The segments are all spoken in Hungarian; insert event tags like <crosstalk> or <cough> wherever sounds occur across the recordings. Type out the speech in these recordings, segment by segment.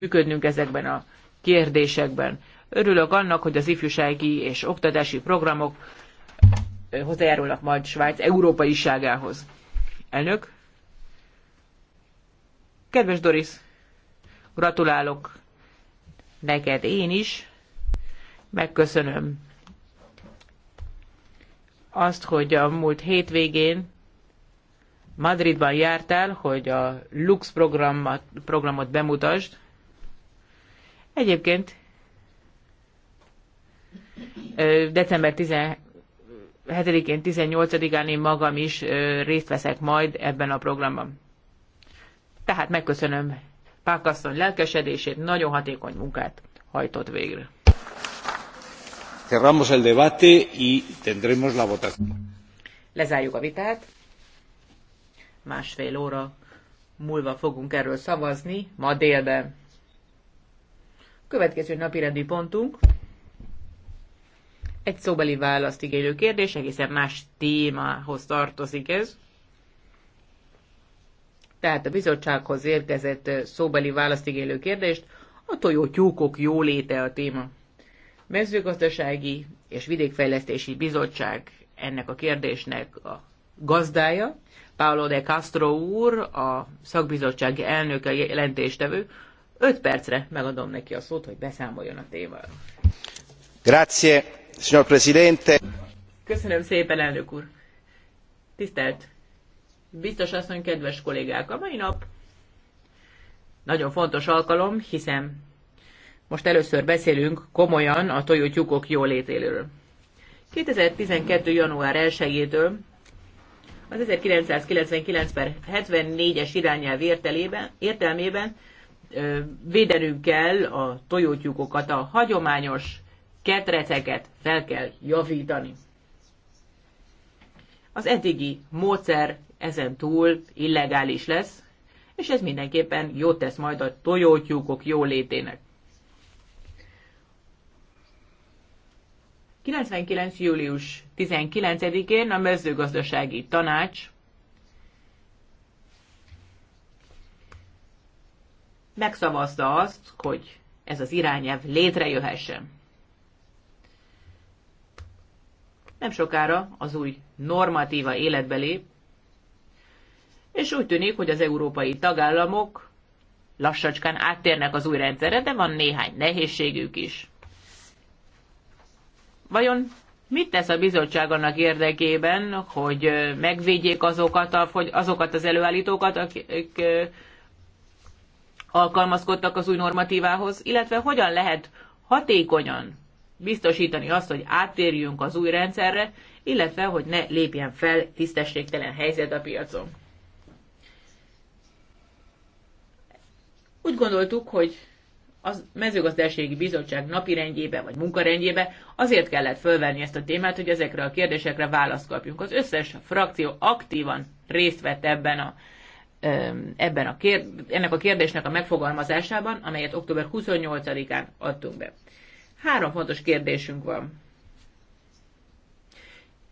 működnünk ezekben a kérdésekben. Örülök annak, hogy az ifjúsági és oktatási programok hozzájárulnak majd Svájc európai ságához. Elnök? Kedves Doris, gratulálok neked én is. Megköszönöm azt, hogy a múlt hétvégén Madridban jártál, hogy a Lux programot, programot bemutasd. Egyébként december 17-én, 18-án én magam is részt veszek majd ebben a programban. Tehát megköszönöm Pákasszony lelkesedését, nagyon hatékony munkát hajtott végre. Cerramos el debate y tendremos la votación. Lezárjuk a vitát. Másfél óra múlva fogunk erről szavazni, ma délben. Következő napi rendi pontunk egy szóbeli választ igénylő kérdés, egészen más témához tartozik ez. Tehát a bizottsághoz érkezett szóbeli választ igénylő kérdést, a tyúkok jóléte a téma. Mezőgazdasági és Vidékfejlesztési Bizottság ennek a kérdésnek a gazdája, Paolo de Castro úr, a szakbizottság elnöke jelentéstevő, 5 percre megadom neki a szót, hogy beszámoljon a témáról. Grazie, signor Presidente. Köszönöm szépen, elnök úr. Tisztelt biztos asszony, kedves kollégák, a mai nap nagyon fontos alkalom, hiszen most először beszélünk komolyan a tojótyúkok jólétéről. 2012. január 1-től az 1999 per 74-es irányelv értelmében védenünk kell a tojótyúkokat, a hagyományos ketreceket fel kell javítani. Az eddigi módszer ezen túl illegális lesz, és ez mindenképpen jót tesz majd a tojótyúkok jólétének. 99. július 19-én a mezőgazdasági tanács megszavazta azt, hogy ez az irányelv létrejöhessen. Nem sokára az új normatíva életbe lép, és úgy tűnik, hogy az európai tagállamok lassacskán áttérnek az új rendszerre, de van néhány nehézségük is. Vajon mit tesz a bizottság annak érdekében, hogy megvédjék azokat, a, azokat az előállítókat, akik alkalmazkodtak az új normatívához, illetve hogyan lehet hatékonyan biztosítani azt, hogy áttérjünk az új rendszerre, illetve hogy ne lépjen fel tisztességtelen helyzet a piacon. Úgy gondoltuk, hogy a mezőgazdasági bizottság napirendjébe vagy munkarendjébe azért kellett fölvenni ezt a témát, hogy ezekre a kérdésekre választ kapjunk. Az összes frakció aktívan részt vett ebben a ebben a kér, ennek a kérdésnek a megfogalmazásában, amelyet október 28-án adtunk be. Három fontos kérdésünk van.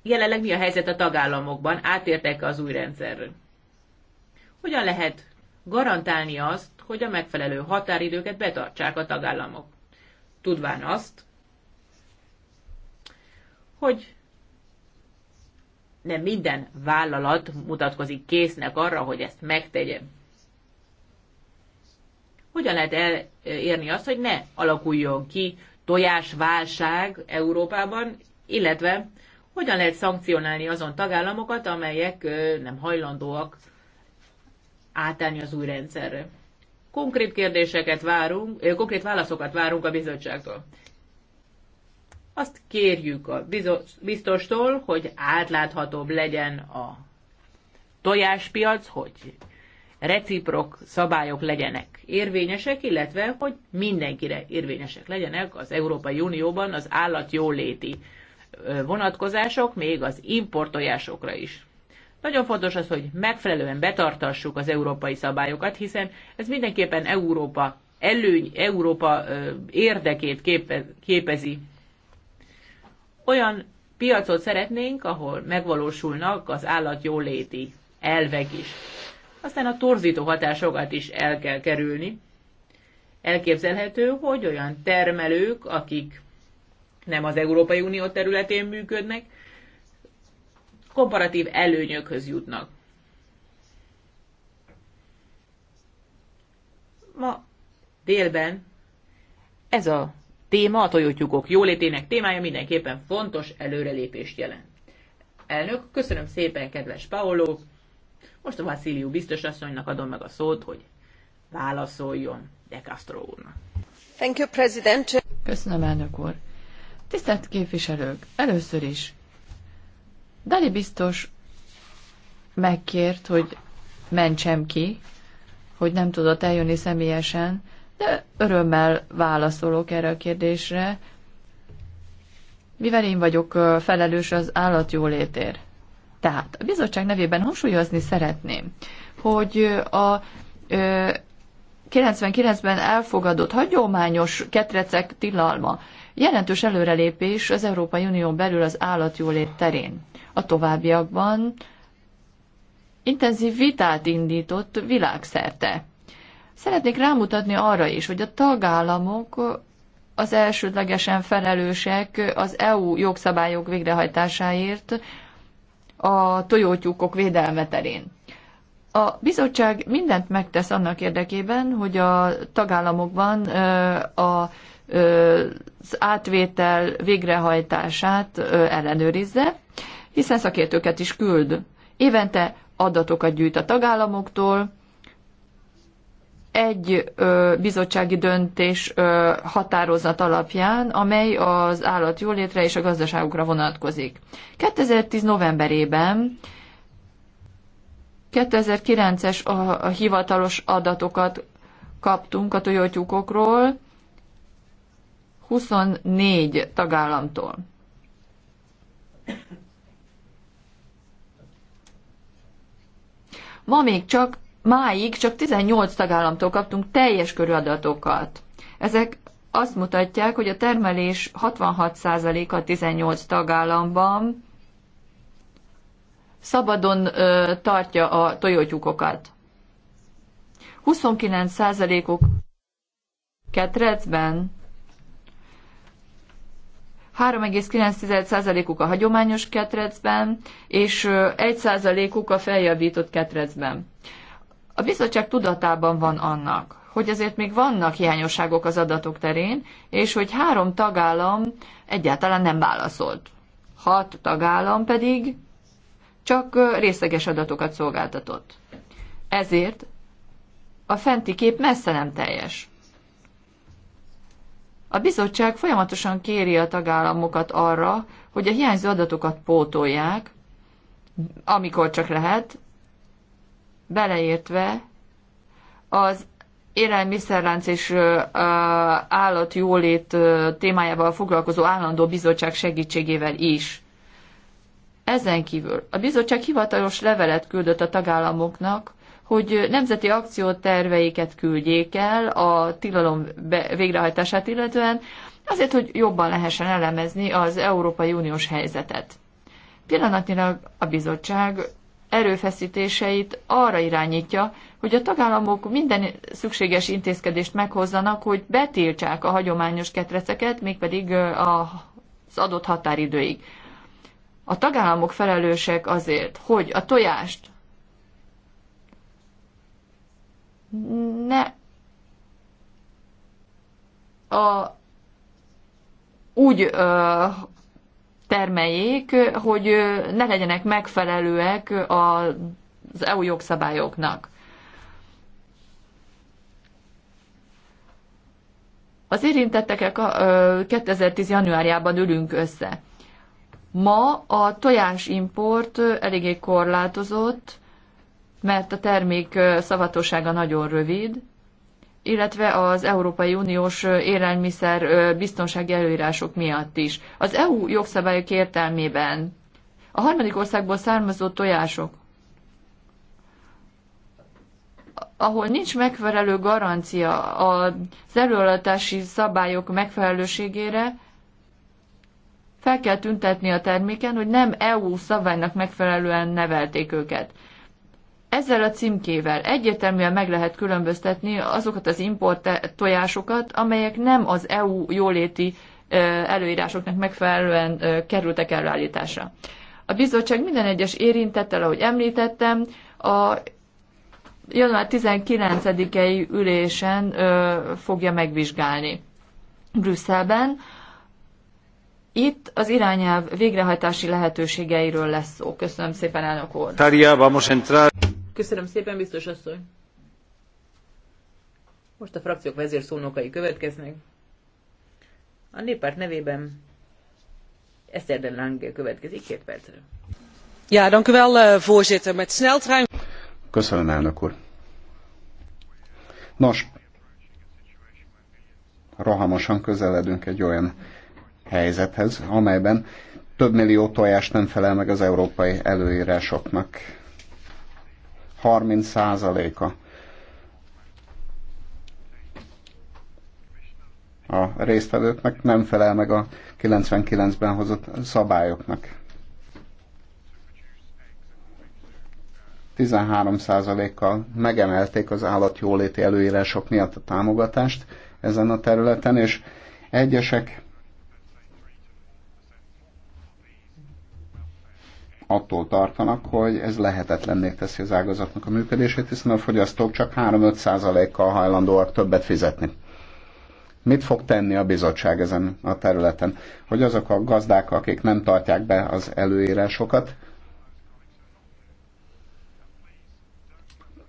Jelenleg mi a helyzet a tagállamokban? Átértek az új rendszerről? Hogyan lehet garantálni azt, hogy a megfelelő határidőket betartsák a tagállamok? Tudván azt, hogy nem minden vállalat mutatkozik késznek arra, hogy ezt megtegye. Hogyan lehet elérni azt, hogy ne alakuljon ki tojásválság Európában, illetve hogyan lehet szankcionálni azon tagállamokat, amelyek nem hajlandóak átállni az új rendszerre. Konkrét kérdéseket várunk, konkrét válaszokat várunk a bizottságtól. Azt kérjük a biztostól, hogy átláthatóbb legyen a tojáspiac, hogy reciprok szabályok legyenek érvényesek, illetve hogy mindenkire érvényesek legyenek az Európai Unióban az állatjóléti vonatkozások, még az importtojásokra is. Nagyon fontos az, hogy megfelelően betartassuk az európai szabályokat, hiszen ez mindenképpen Európa előny, Európa érdekét képezi olyan piacot szeretnénk, ahol megvalósulnak az állatjóléti elvek is. Aztán a torzító hatásokat is el kell kerülni. Elképzelhető, hogy olyan termelők, akik nem az Európai Unió területén működnek, komparatív előnyökhöz jutnak. Ma délben ez a téma, a tojótyúkok jólétének témája mindenképpen fontos előrelépést jelent. Elnök, köszönöm szépen, kedves Paolo. Most a Vassziliu biztos asszonynak adom meg a szót, hogy válaszoljon De Castro úrnak. Thank you, President. Köszönöm, elnök úr. Tisztelt képviselők, először is Dali biztos megkért, hogy mentsem ki, hogy nem tudott eljönni személyesen, de örömmel válaszolok erre a kérdésre, mivel én vagyok felelős az állatjólétért. Tehát a bizottság nevében hangsúlyozni szeretném, hogy a 99-ben elfogadott hagyományos ketrecek tilalma jelentős előrelépés az Európai unió belül az állatjólét terén. A továbbiakban intenzív vitát indított világszerte Szeretnék rámutatni arra is, hogy a tagállamok az elsődlegesen felelősek az EU jogszabályok végrehajtásáért a tojótyúkok védelme terén. A bizottság mindent megtesz annak érdekében, hogy a tagállamokban a az átvétel végrehajtását ellenőrizze, hiszen szakértőket is küld. Évente adatokat gyűjt a tagállamoktól, egy ö, bizottsági döntés ö, határozat alapján, amely az jólétre és a gazdaságokra vonatkozik. 2010 novemberében 2009-es a, a hivatalos adatokat kaptunk a tojótyúkokról 24 tagállamtól. Ma még csak máig csak 18 tagállamtól kaptunk teljes körű adatokat. Ezek azt mutatják, hogy a termelés 66%-a 18 tagállamban szabadon ö, tartja a tojótyúkokat. 29%-uk ketrecben, 3,9%-uk a hagyományos ketrecben, és 1%-uk a feljavított ketrecben. A bizottság tudatában van annak, hogy azért még vannak hiányosságok az adatok terén, és hogy három tagállam egyáltalán nem válaszolt. Hat tagállam pedig csak részleges adatokat szolgáltatott. Ezért a fenti kép messze nem teljes. A bizottság folyamatosan kéri a tagállamokat arra, hogy a hiányzó adatokat pótolják, amikor csak lehet, beleértve az élelmiszerlánc és állatjólét témájával foglalkozó állandó bizottság segítségével is. Ezen kívül a bizottság hivatalos levelet küldött a tagállamoknak, hogy nemzeti akcióterveiket küldjék el a tilalom végrehajtását illetően, azért, hogy jobban lehessen elemezni az Európai Uniós helyzetet. Pillanatnyilag a bizottság erőfeszítéseit arra irányítja, hogy a tagállamok minden szükséges intézkedést meghozzanak, hogy betiltsák a hagyományos ketreceket, mégpedig az adott határidőig. A tagállamok felelősek azért, hogy a tojást ne a, úgy ö, termeljék, hogy ne legyenek megfelelőek az EU jogszabályoknak. Az érintettekkel 2010. januárjában ülünk össze. Ma a tojásimport eléggé korlátozott, mert a termék szavatossága nagyon rövid, illetve az Európai Uniós élelmiszer biztonsági előírások miatt is. Az EU jogszabályok értelmében a harmadik országból származó tojások, ahol nincs megfelelő garancia az előadatási szabályok megfelelőségére, fel kell tüntetni a terméken, hogy nem EU szabálynak megfelelően nevelték őket. Ezzel a címkével egyértelműen meg lehet különböztetni azokat az import tojásokat, amelyek nem az EU jóléti előírásoknak megfelelően kerültek előállításra. A bizottság minden egyes érintettel, ahogy említettem, a január 19-i ülésen fogja megvizsgálni Brüsszelben. Itt az irányelv végrehajtási lehetőségeiről lesz szó. Köszönöm szépen, elnök úr. Köszönöm szépen, biztos asszony. Most a frakciók vezérszónokai következnek. A néppárt nevében Eszter de Lange következik két percre. Ja, dank u wel, eh, voorzitter. Met sneltrein... Köszönöm, elnök úr. Nos, rohamosan közeledünk egy olyan helyzethez, amelyben több millió tojás nem felel meg az európai előírásoknak 30%-a a résztvevőknek nem felel meg a 99-ben hozott szabályoknak. 13%-kal megemelték az állatjóléti előírások miatt a támogatást ezen a területen, és egyesek attól tartanak, hogy ez lehetetlenné teszi az ágazatnak a működését, hiszen a fogyasztók csak 3-5 százalékkal hajlandóak többet fizetni. Mit fog tenni a bizottság ezen a területen? Hogy azok a gazdák, akik nem tartják be az előírásokat,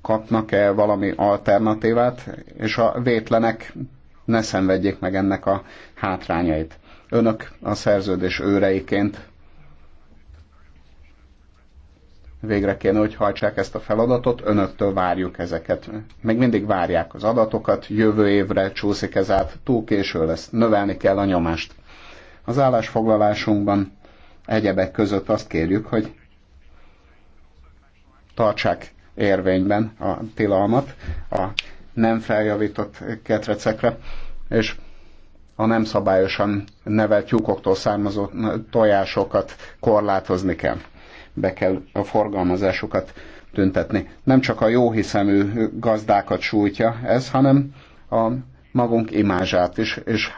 kapnak-e valami alternatívát, és a vétlenek ne szenvedjék meg ennek a hátrányait. Önök a szerződés őreiként végre kéne, hogy hajtsák ezt a feladatot, önöktől várjuk ezeket. Még mindig várják az adatokat, jövő évre csúszik ez át, túl késő lesz, növelni kell a nyomást. Az állásfoglalásunkban egyebek között azt kérjük, hogy tartsák érvényben a tilalmat a nem feljavított ketrecekre, és a nem szabályosan nevelt lyukoktól származó tojásokat korlátozni kell be kell a forgalmazásukat tüntetni. Nem csak a jóhiszemű gazdákat sújtja ez, hanem a magunk imázsát is, és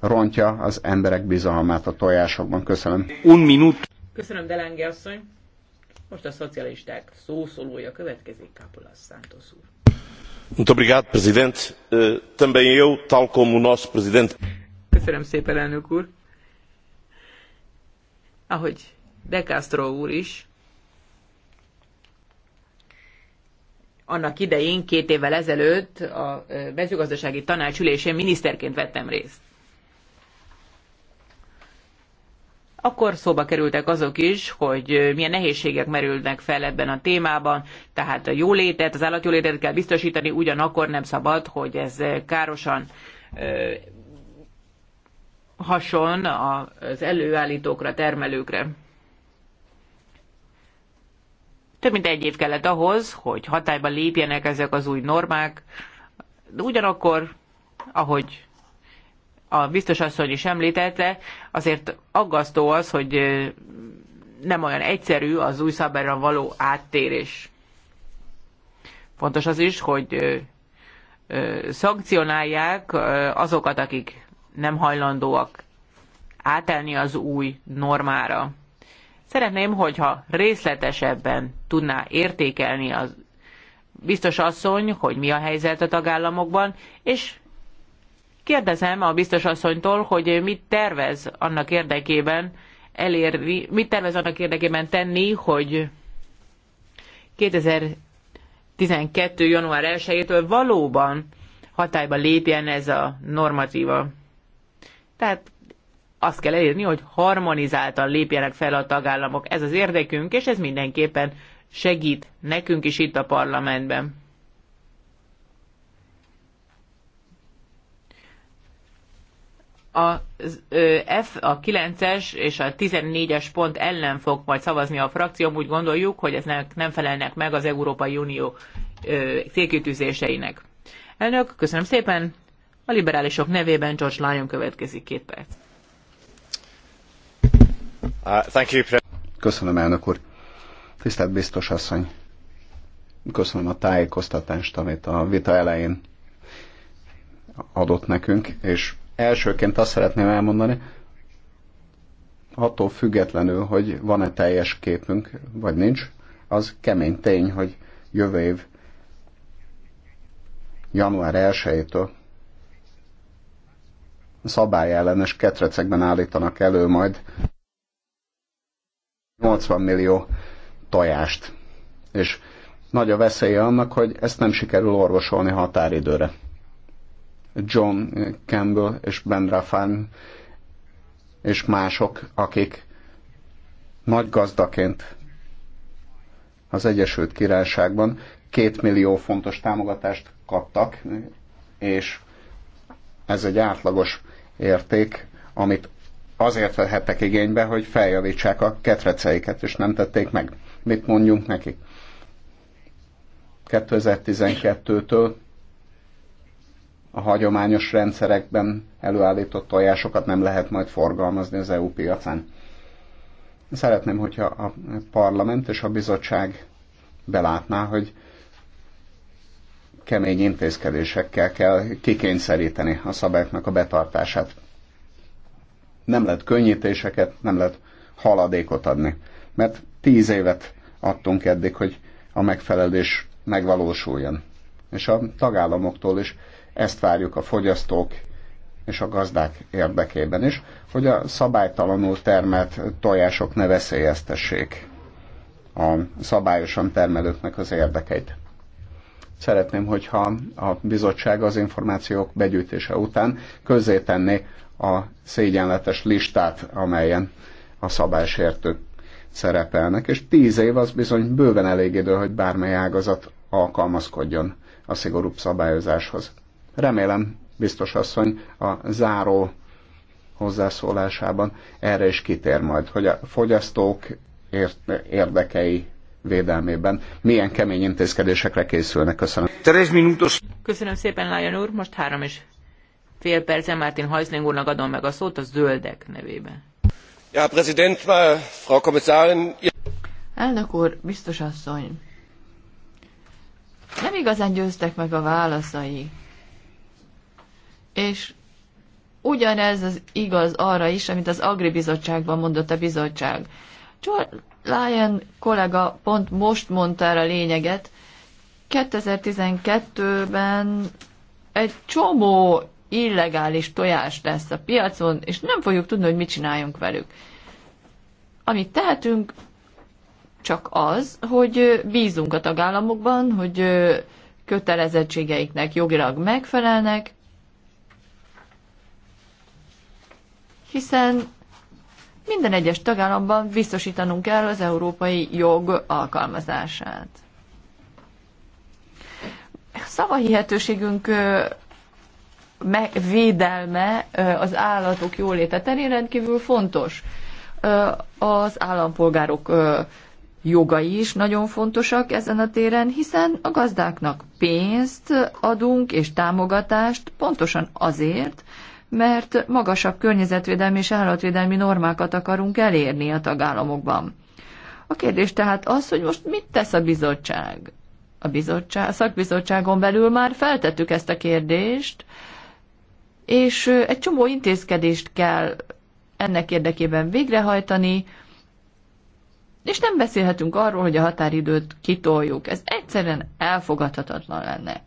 rontja az emberek bizalmát a tojásokban. Köszönöm. Un minut. Köszönöm, Delenge asszony. Most a szocialisták szószólója következik, Kápolás Santos úr. Muito obrigado, presidente. Eh, também eu, tal como o nosso presidente. Köszönöm szépen, elnök úr. Ahogy de Castro úr is annak idején, két évvel ezelőtt a mezőgazdasági tanácsülésén miniszterként vettem részt. Akkor szóba kerültek azok is, hogy milyen nehézségek merülnek fel ebben a témában, tehát a jólétet, az állatjólétet kell biztosítani, ugyanakkor nem szabad, hogy ez károsan hason az előállítókra, termelőkre. Több mint egy év kellett ahhoz, hogy hatályba lépjenek ezek az új normák, de ugyanakkor, ahogy a biztos asszony is említette, azért aggasztó az, hogy nem olyan egyszerű az új szabályra való áttérés. Fontos az is, hogy szankcionálják azokat, akik nem hajlandóak átelni az új normára. Szeretném, hogyha részletesebben tudná értékelni a biztos asszony, hogy mi a helyzet a tagállamokban, és kérdezem a biztos asszonytól, hogy mit tervez annak érdekében elérni, mit tervez annak érdekében tenni, hogy 2012. január 1-től valóban hatályba lépjen ez a normatíva. Tehát azt kell elérni, hogy harmonizáltan lépjenek fel a tagállamok. Ez az érdekünk, és ez mindenképpen segít nekünk is itt a parlamentben. A, F, a 9-es és a 14-es pont ellen fog majd szavazni a frakció, úgy gondoljuk, hogy eznek nem felelnek meg az Európai Unió célkitűzéseinek. Elnök, köszönöm szépen! A liberálisok nevében George Lyon következik két perc. Uh, köszönöm, elnök úr. Tisztelt biztos asszony, köszönöm a tájékoztatást, amit a vita elején adott nekünk, és elsőként azt szeretném elmondani, attól függetlenül, hogy van-e teljes képünk, vagy nincs, az kemény tény, hogy jövő év január 1-től szabályellenes ketrecekben állítanak elő majd 80 millió tojást. És nagy a veszélye annak, hogy ezt nem sikerül orvosolni határidőre. John Campbell és Ben Raffan és mások, akik nagy gazdaként az Egyesült Királyságban két millió fontos támogatást kaptak, és ez egy átlagos érték, amit azért vehettek igénybe, hogy feljavítsák a ketreceiket, és nem tették meg. Mit mondjunk nekik? 2012-től a hagyományos rendszerekben előállított tojásokat nem lehet majd forgalmazni az EU piacán. Szeretném, hogyha a parlament és a bizottság belátná, hogy kemény intézkedésekkel kell kikényszeríteni a szabályoknak a betartását nem lehet könnyítéseket, nem lehet haladékot adni. Mert tíz évet adtunk eddig, hogy a megfelelés megvalósuljon. És a tagállamoktól is ezt várjuk a fogyasztók és a gazdák érdekében is, hogy a szabálytalanul termelt tojások ne veszélyeztessék a szabályosan termelőknek az érdekeit. Szeretném, hogyha a bizottság az információk begyűjtése után közzétenné a szégyenletes listát, amelyen a szabálysértők szerepelnek, és tíz év az bizony bőven elég idő, hogy bármely ágazat alkalmazkodjon a szigorúbb szabályozáshoz. Remélem, biztos asszony, a záró hozzászólásában erre is kitér majd, hogy a fogyasztók érdekei védelmében milyen kemény intézkedésekre készülnek. Köszönöm. Köszönöm szépen, Lajon úr. Most három és fél percen Martin Heusling úrnak adom meg a szót a zöldek nevében. Ja, Präsident, Frau Kommissarin. Elnök úr, biztos asszony. Nem igazán győztek meg a válaszai. És ugyanez az igaz arra is, amit az Agri Bizottságban mondott a bizottság. George Lyon kollega pont most mondta el a lényeget, 2012-ben egy csomó illegális tojás lesz a piacon, és nem fogjuk tudni, hogy mit csináljunk velük. Amit tehetünk, csak az, hogy bízunk a tagállamokban, hogy kötelezettségeiknek jogilag megfelelnek, hiszen minden egyes tagállamban biztosítanunk kell az európai jog alkalmazását. Szavahihetőségünk védelme az állatok jóléte terén rendkívül fontos. Az állampolgárok jogai is nagyon fontosak ezen a téren, hiszen a gazdáknak pénzt adunk és támogatást pontosan azért, mert magasabb környezetvédelmi és állatvédelmi normákat akarunk elérni a tagállamokban. A kérdés tehát az, hogy most mit tesz a bizottság? A, bizottság, a szakbizottságon belül már feltettük ezt a kérdést, és egy csomó intézkedést kell ennek érdekében végrehajtani, és nem beszélhetünk arról, hogy a határidőt kitoljuk. Ez egyszerűen elfogadhatatlan lenne.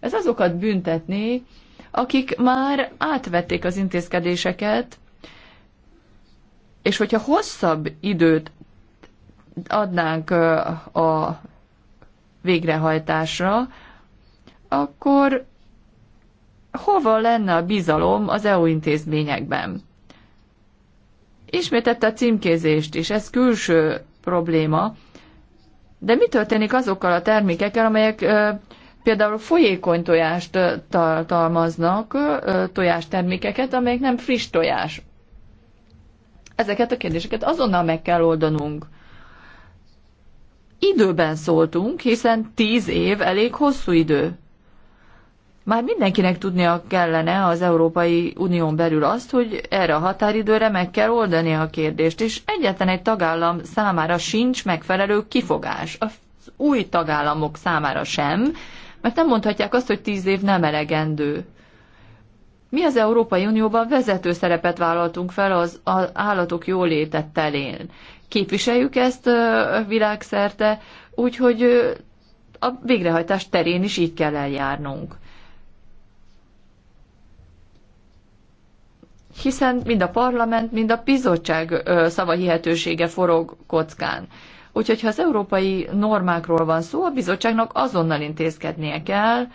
Ez azokat büntetné, akik már átvették az intézkedéseket, és hogyha hosszabb időt adnánk a végrehajtásra, akkor hova lenne a bizalom az EU intézményekben? Ismétette a címkézést is, ez külső probléma, de mi történik azokkal a termékekkel, amelyek ö, például folyékony tojást tartalmaznak, ö, tojástermékeket, amelyek nem friss tojás? Ezeket a kérdéseket azonnal meg kell oldanunk. Időben szóltunk, hiszen tíz év elég hosszú idő. Már mindenkinek tudnia kellene az Európai Unión belül azt, hogy erre a határidőre meg kell oldani a kérdést, és egyetlen egy tagállam számára sincs megfelelő kifogás. Az új tagállamok számára sem, mert nem mondhatják azt, hogy tíz év nem elegendő. Mi az Európai Unióban vezető szerepet vállaltunk fel az, állatok jólétet telén. Képviseljük ezt világszerte, úgyhogy a végrehajtás terén is így kell eljárnunk. hiszen mind a parlament, mind a bizottság szavahihetősége forog kockán. Úgyhogy ha az európai normákról van szó, a bizottságnak azonnal intézkednie kell,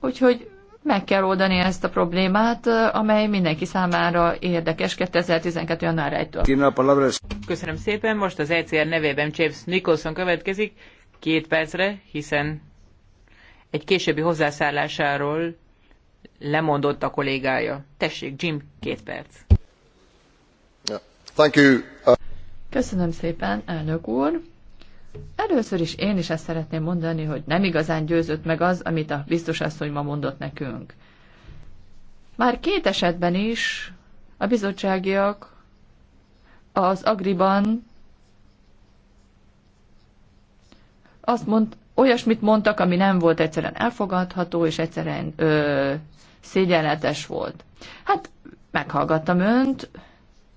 úgyhogy meg kell oldani ezt a problémát, amely mindenki számára érdekes 2012. január 1-től. Köszönöm szépen, most az ECR nevében James Nicholson következik két percre, hiszen egy későbbi hozzászállásáról lemondott a kollégája. Tessék, Jim, két perc. Thank you. Uh, Köszönöm szépen, elnök úr. Először is én is ezt szeretném mondani, hogy nem igazán győzött meg az, amit a biztos asszony ma mondott nekünk. Már két esetben is a bizottságiak az Agriban azt mond, olyasmit mondtak, ami nem volt egyszerűen elfogadható, és egyszerűen ö, szégyenletes volt. Hát meghallgattam önt,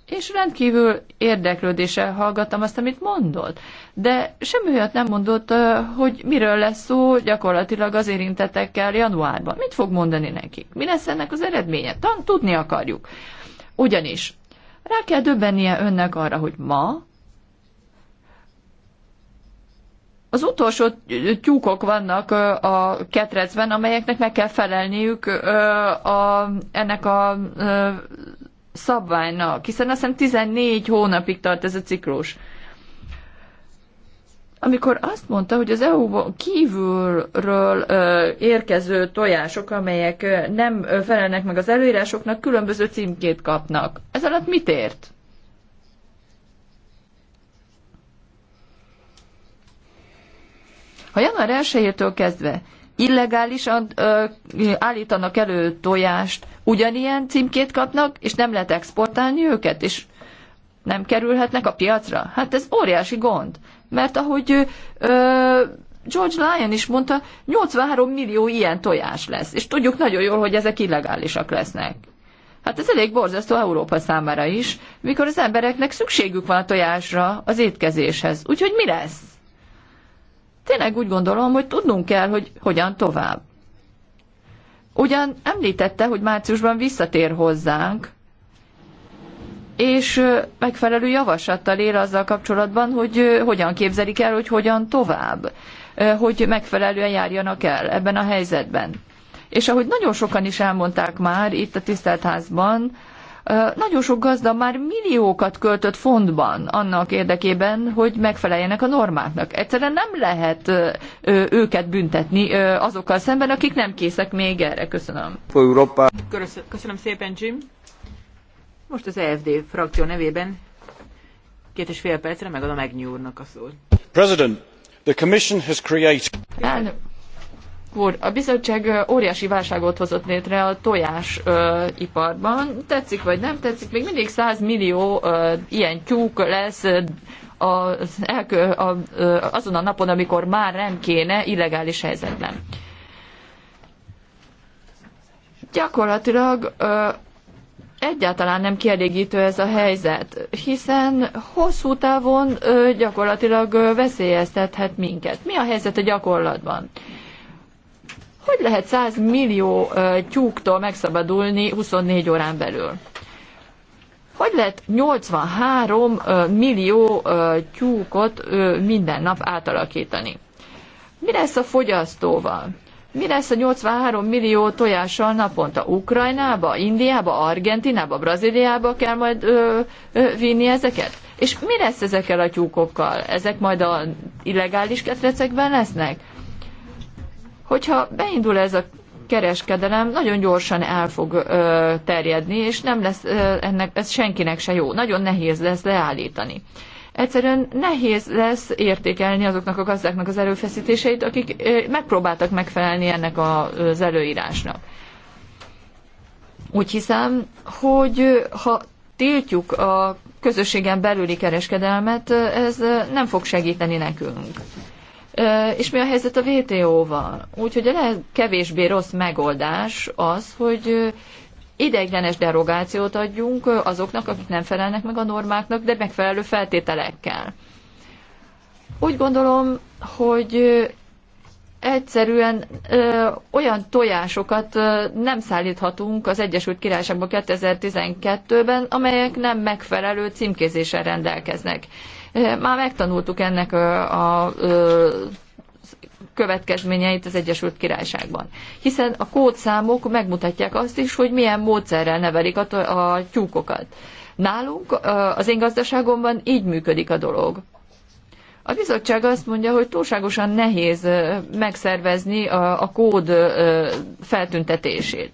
és rendkívül érdeklődéssel hallgattam azt, amit mondott. De semmi olyat nem mondott, hogy miről lesz szó gyakorlatilag az érintetekkel januárban. Mit fog mondani nekik? Mi lesz ennek az eredménye? Tan tudni akarjuk. Ugyanis rá kell döbbennie önnek arra, hogy ma az utolsó tyúkok vannak a ketrecben, amelyeknek meg kell felelniük a, ennek a szabványnak, hiszen azt hiszem 14 hónapig tart ez a ciklus. Amikor azt mondta, hogy az EU kívülről érkező tojások, amelyek nem felelnek meg az előírásoknak, különböző címkét kapnak. Ez alatt mit ért? Ha január 1-től kezdve illegálisan ö, állítanak elő tojást, ugyanilyen címkét kapnak, és nem lehet exportálni őket, és nem kerülhetnek a piacra. Hát ez óriási gond, mert ahogy ö, George Lyon is mondta, 83 millió ilyen tojás lesz, és tudjuk nagyon jól, hogy ezek illegálisak lesznek. Hát ez elég borzasztó Európa számára is, mikor az embereknek szükségük van a tojásra az étkezéshez. Úgyhogy mi lesz? Tényleg úgy gondolom, hogy tudnunk kell, hogy hogyan tovább. Ugyan említette, hogy márciusban visszatér hozzánk, és megfelelő javaslattal él azzal kapcsolatban, hogy hogyan képzelik el, hogy hogyan tovább, hogy megfelelően járjanak el ebben a helyzetben. És ahogy nagyon sokan is elmondták már itt a tiszteltházban, házban, nagyon sok gazda már milliókat költött fontban annak érdekében, hogy megfeleljenek a normáknak. Egyszerűen nem lehet őket büntetni azokkal szemben, akik nem készek még erre. Köszönöm. Európa. Köszönöm szépen, Jim. Most az EFD frakció nevében két és fél percre megadom Agnew úrnak a szót. President, the Commission has created... Elnök úr, a bizottság óriási válságot hozott létre a tojás ö, iparban. Tetszik vagy nem tetszik, még mindig 100 millió ö, ilyen tyúk lesz az, elkö, a, ö, azon a napon, amikor már nem kéne illegális helyzetben. Gyakorlatilag ö, egyáltalán nem kielégítő ez a helyzet, hiszen hosszú távon ö, gyakorlatilag ö, veszélyeztethet minket. Mi a helyzet a gyakorlatban? Ö, hogy lehet 100 millió tyúktól megszabadulni 24 órán belül? Hogy lehet 83 millió tyúkot minden nap átalakítani? Mi lesz a fogyasztóval? Mi lesz a 83 millió tojással naponta? Ukrajnába, Indiába, Argentinába, Brazíliába kell majd ö, ö, vinni ezeket? És mi lesz ezekkel a tyúkokkal? Ezek majd a illegális ketrecekben lesznek? Hogyha beindul ez a kereskedelem, nagyon gyorsan el fog ö, terjedni, és nem lesz ö, ennek, ez senkinek se jó. Nagyon nehéz lesz leállítani. Egyszerűen nehéz lesz értékelni azoknak a gazdáknak az erőfeszítéseit, akik ö, megpróbáltak megfelelni ennek a, az előírásnak. Úgy hiszem, hogy ha tiltjuk a közösségen belüli kereskedelmet, ez nem fog segíteni nekünk. És mi a helyzet a vto val Úgyhogy a kevésbé rossz megoldás az, hogy ideiglenes derogációt adjunk azoknak, akik nem felelnek meg a normáknak, de megfelelő feltételekkel. Úgy gondolom, hogy egyszerűen ö, olyan tojásokat ö, nem szállíthatunk az Egyesült Királyságban 2012-ben, amelyek nem megfelelő címkézéssel rendelkeznek. Már megtanultuk ennek a, a következményeit az Egyesült Királyságban. Hiszen a kódszámok megmutatják azt is, hogy milyen módszerrel nevelik a, a tyúkokat. Nálunk, az én gazdaságomban így működik a dolog. A bizottság azt mondja, hogy túlságosan nehéz megszervezni a, a kód feltüntetését,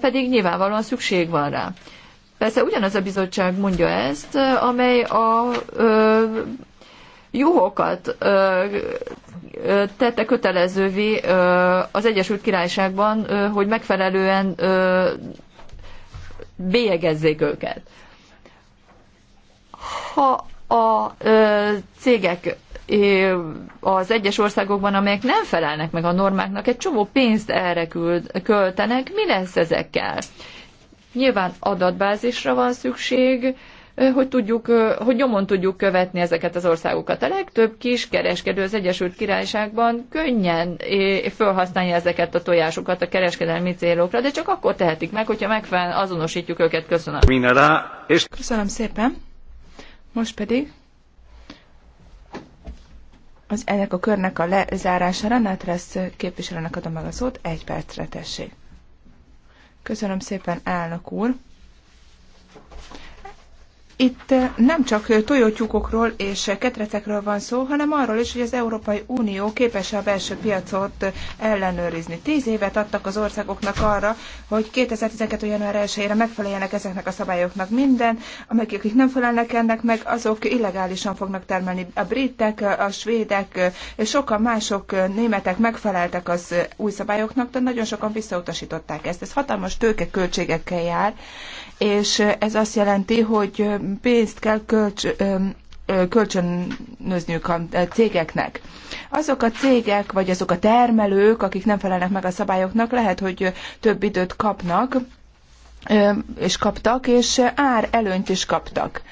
pedig nyilvánvalóan szükség van rá. Persze ugyanaz a bizottság mondja ezt, amely a ö, juhokat ö, tette kötelezővé ö, az Egyesült Királyságban, ö, hogy megfelelően ö, bélyegezzék őket. Ha a ö, cégek az egyes országokban, amelyek nem felelnek meg a normáknak, egy csomó pénzt erre küld, költenek, mi lesz ezekkel? Ö, Nyilván adatbázisra van szükség, eh, hogy, tudjuk, eh, hogy nyomon tudjuk követni ezeket az országokat. A legtöbb kis kereskedő az Egyesült Királyságban könnyen eh, felhasználja ezeket a tojásokat a kereskedelmi célokra, de csak akkor tehetik meg, hogyha megfelelően azonosítjuk őket. Köszönöm. Köszönöm szépen. Most pedig az ennek a körnek a lezárására Nátrasz képviselőnek adom meg a szót. Egy percre tessék. Köszönöm szépen, elnök úr! Itt eh, nem csak eh, tojótyúkokról és eh, ketrecekről van szó, hanem arról is, hogy az Európai Unió képes a belső piacot ellenőrizni. Tíz évet adtak az országoknak arra, hogy 2012. január 1-ére megfeleljenek ezeknek a szabályoknak minden, amelyek akik nem felelnek ennek meg, azok illegálisan fognak termelni. A britek, a svédek és sokan mások németek megfeleltek az új szabályoknak, de nagyon sokan visszautasították ezt. Ez hatalmas tőkeköltségekkel jár és ez azt jelenti, hogy pénzt kell kölcs, kölcsönözniük a cégeknek. Azok a cégek, vagy azok a termelők, akik nem felelnek meg a szabályoknak, lehet, hogy több időt kapnak, és kaptak, és ár előnyt is kaptak.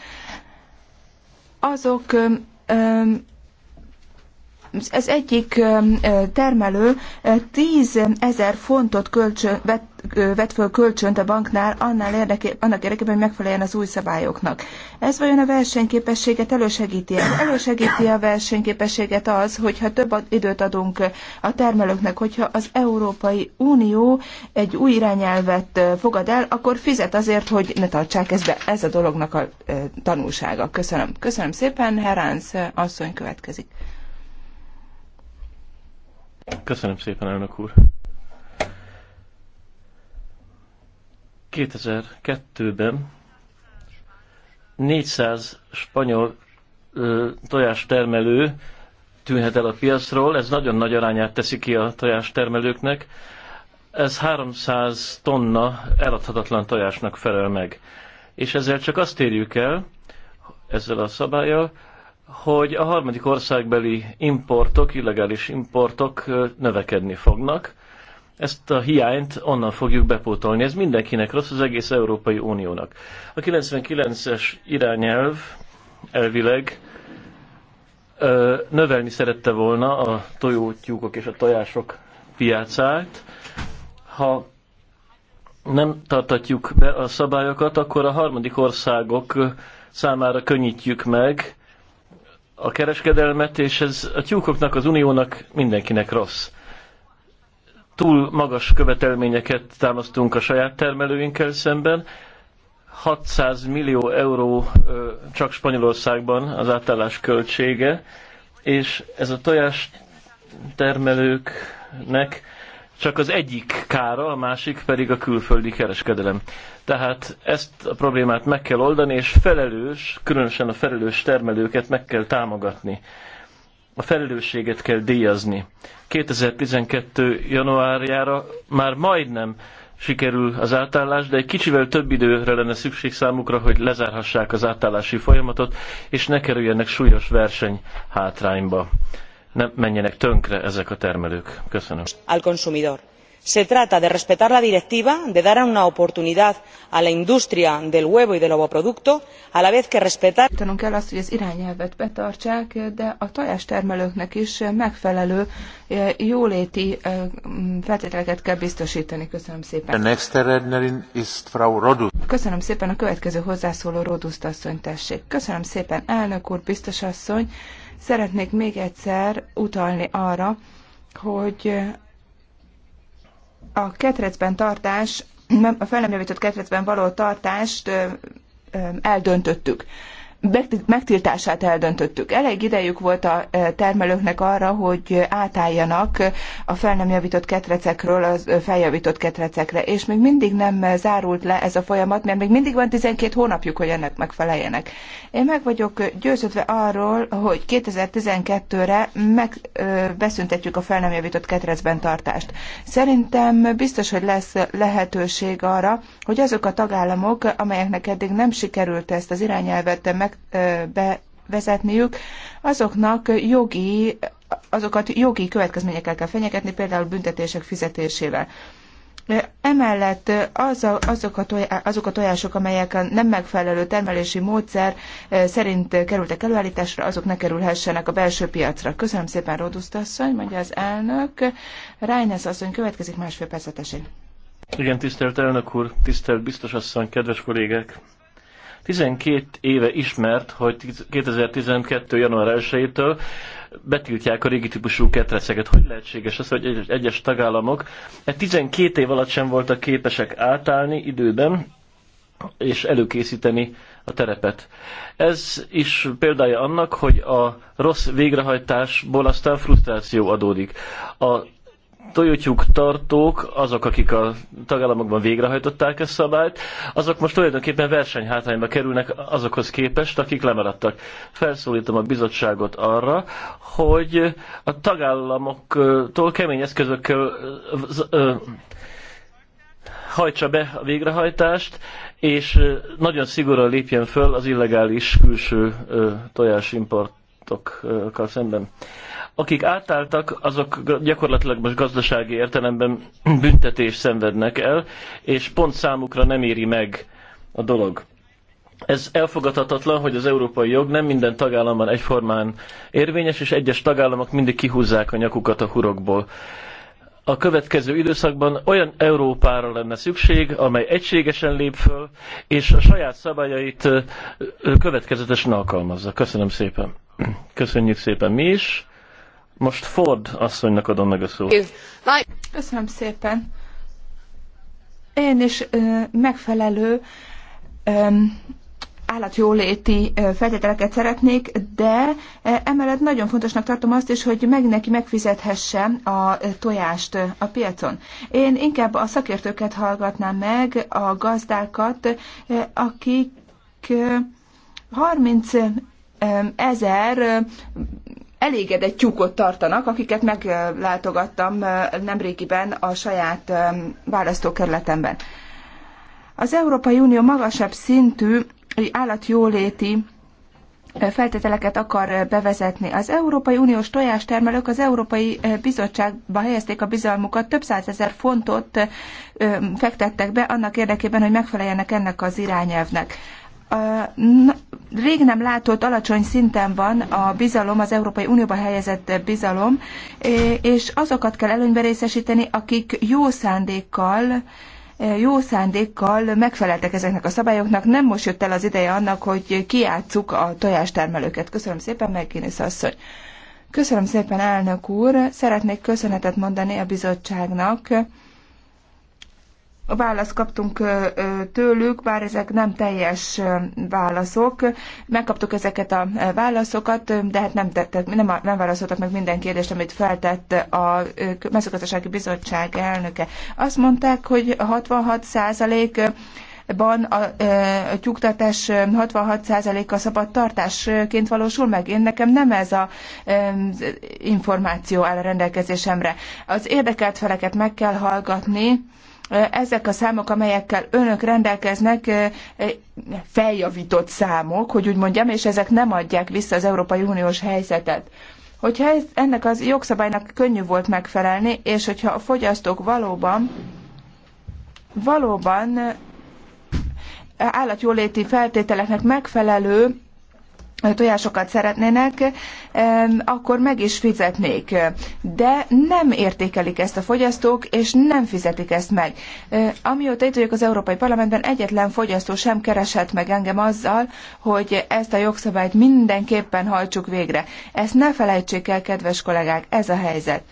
Azok ez egyik termelő 10 ezer fontot kölcsön, vett vett föl kölcsönt a banknál annál érdeké, annak érdekében, hogy megfeleljen az új szabályoknak. Ez vajon a versenyképességet elősegíti? -e? elősegíti a versenyképességet az, hogyha több időt adunk a termelőknek, hogyha az Európai Unió egy új irányelvet fogad el, akkor fizet azért, hogy ne tartsák ezt be. Ez a dolognak a tanulsága. Köszönöm. Köszönöm szépen. Heránc asszony következik. Köszönöm szépen, elnök úr. 2002-ben 400 spanyol tojástermelő tűnhet el a piacról, ez nagyon nagy arányát teszi ki a tojástermelőknek, ez 300 tonna eladhatatlan tojásnak felel meg. És ezzel csak azt érjük el, ezzel a szabályjal, hogy a harmadik országbeli importok, illegális importok növekedni fognak, ezt a hiányt onnan fogjuk bepótolni. Ez mindenkinek rossz, az egész Európai Uniónak. A 99-es irányelv elvileg növelni szerette volna a tojótyúkok és a tojások piacát. Ha nem tartatjuk be a szabályokat, akkor a harmadik országok számára könnyítjük meg a kereskedelmet, és ez a tyúkoknak, az uniónak mindenkinek rossz túl magas követelményeket támasztunk a saját termelőinkkel szemben. 600 millió euró csak Spanyolországban az átállás költsége, és ez a tojás termelőknek csak az egyik kára, a másik pedig a külföldi kereskedelem. Tehát ezt a problémát meg kell oldani, és felelős, különösen a felelős termelőket meg kell támogatni a felelősséget kell díjazni. 2012. januárjára már majdnem sikerül az átállás, de egy kicsivel több időre lenne szükség számukra, hogy lezárhassák az átállási folyamatot, és ne kerüljenek súlyos verseny hátrányba. Ne menjenek tönkre ezek a termelők. Köszönöm. Al consumidor se trata de respetar la directiva de dar una oportunidad a la industria del huevo y del ovoproducto a la vez que respetar. biztosítanunk kell azt hogy az irányelvet betartsák de a tojástermelőknek is megfelelő eh, jóléti eh, feltételeket kell biztosítani. Köszönöm szépen. Köszönöm szépen a következő hozzászóló Roduszt asszony tessék. Köszönöm szépen elnök úr, biztos asszony. Szeretnék még egyszer utalni arra, hogy a ketrecben tartás, a fel nem ketrecben való tartást eldöntöttük megtiltását eldöntöttük. Elég idejük volt a e, termelőknek arra, hogy átálljanak a fel nem javított ketrecekről az feljavított ketrecekre, és még mindig nem e, zárult le ez a folyamat, mert még mindig van 12 hónapjuk, hogy ennek megfeleljenek. Én meg vagyok győződve arról, hogy 2012-re megbeszüntetjük a fel nem javított ketrecben tartást. Szerintem biztos, hogy lesz lehetőség arra, hogy azok a tagállamok, amelyeknek eddig nem sikerült ezt az irányelvet meg meg bevezetniük, azoknak jogi, azokat jogi következményekkel kell fenyegetni, például büntetések fizetésével. Emellett az a, azok, a tojá, azok a tojások, amelyek a nem megfelelő termelési módszer szerint kerültek előállításra, azok ne kerülhessenek a belső piacra. Köszönöm szépen, Roduszt asszony, mondja az elnök. Reines asszony, következik másfél percet Igen, tisztelt elnök úr, tisztelt biztos asszony, kedves kollégek! 12 éve ismert, hogy 2012. január 1-től betiltják a régi típusú ketreceket. Hogy lehetséges az, hogy egyes, tagállamok e 12 év alatt sem voltak képesek átállni időben, és előkészíteni a terepet. Ez is példája annak, hogy a rossz végrehajtásból aztán frusztráció adódik. A tojótyúk tartók, azok, akik a tagállamokban végrehajtották ezt szabályt, azok most tulajdonképpen versenyhátrányba kerülnek azokhoz képest, akik lemaradtak. Felszólítom a bizottságot arra, hogy a tagállamoktól kemény eszközökkel hajtsa be a végrehajtást, és nagyon szigorúan lépjen föl az illegális külső tojásimportokkal szemben akik átálltak, azok gyakorlatilag most gazdasági értelemben <clears throat> büntetés szenvednek el, és pont számukra nem éri meg a dolog. Ez elfogadhatatlan, hogy az európai jog nem minden tagállamban egyformán érvényes, és egyes tagállamok mindig kihúzzák a nyakukat a hurokból. A következő időszakban olyan Európára lenne szükség, amely egységesen lép föl, és a saját szabályait következetesen alkalmazza. Köszönöm szépen. <clears throat> Köszönjük szépen mi is. Most Ford asszonynak adom meg a szót. Köszönöm szépen. Én is ö, megfelelő ö, állatjóléti feltételeket szeretnék, de emellett nagyon fontosnak tartom azt is, hogy meg neki megfizethesse a tojást a piacon. Én inkább a szakértőket hallgatnám meg, a gazdákat, akik 30 ezer elégedett tyúkot tartanak, akiket meglátogattam nemrégiben a saját választókerületemben. Az Európai Unió magasabb szintű állatjóléti feltételeket akar bevezetni. Az Európai Uniós tojástermelők az Európai Bizottságba helyezték a bizalmukat, több százezer fontot fektettek be annak érdekében, hogy megfeleljenek ennek az irányelvnek rég nem látott alacsony szinten van a bizalom, az Európai Unióba helyezett bizalom, és azokat kell előnybe részesíteni, akik jó szándékkal jó szándékkal megfeleltek ezeknek a szabályoknak. Nem most jött el az ideje annak, hogy kiátszuk a tojástermelőket. Köszönöm szépen, Megkénész asszony. Köszönöm szépen, elnök úr. Szeretnék köszönetet mondani a bizottságnak, választ kaptunk tőlük, bár ezek nem teljes válaszok. Megkaptuk ezeket a válaszokat, de hát nem, tettek, nem, nem válaszoltak meg minden kérdést, amit feltett a mezőgazdasági bizottság elnöke. Azt mondták, hogy 66 százalék ban a, a tyúktartás 66%-a szabad tartásként valósul meg. Én nekem nem ez a e, információ áll a rendelkezésemre. Az érdekelt feleket meg kell hallgatni, ezek a számok, amelyekkel önök rendelkeznek, feljavított számok, hogy úgy mondjam, és ezek nem adják vissza az Európai Uniós helyzetet. Hogyha ez, ennek az jogszabálynak könnyű volt megfelelni, és hogyha a fogyasztók valóban, valóban állatjóléti feltételeknek megfelelő tojásokat szeretnének, akkor meg is fizetnék. De nem értékelik ezt a fogyasztók, és nem fizetik ezt meg. Amióta itt vagyok az Európai Parlamentben, egyetlen fogyasztó sem keresett meg engem azzal, hogy ezt a jogszabályt mindenképpen hajtsuk végre. Ezt ne felejtsék el, kedves kollégák, ez a helyzet.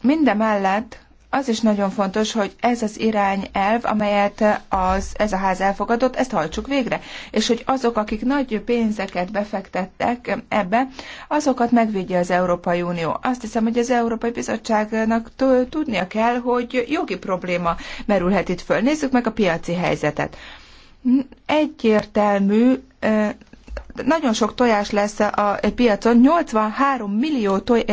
Mindemellett az is nagyon fontos, hogy ez az irányelv, amelyet az, ez a ház elfogadott, ezt hajtsuk végre. És hogy azok, akik nagy pénzeket befektettek ebbe, azokat megvédje az Európai Unió. Azt hiszem, hogy az Európai Bizottságnak tudnia kell, hogy jogi probléma merülhet itt föl. Nézzük meg a piaci helyzetet. Egyértelmű nagyon sok tojás lesz a piacon, 83 millió toj,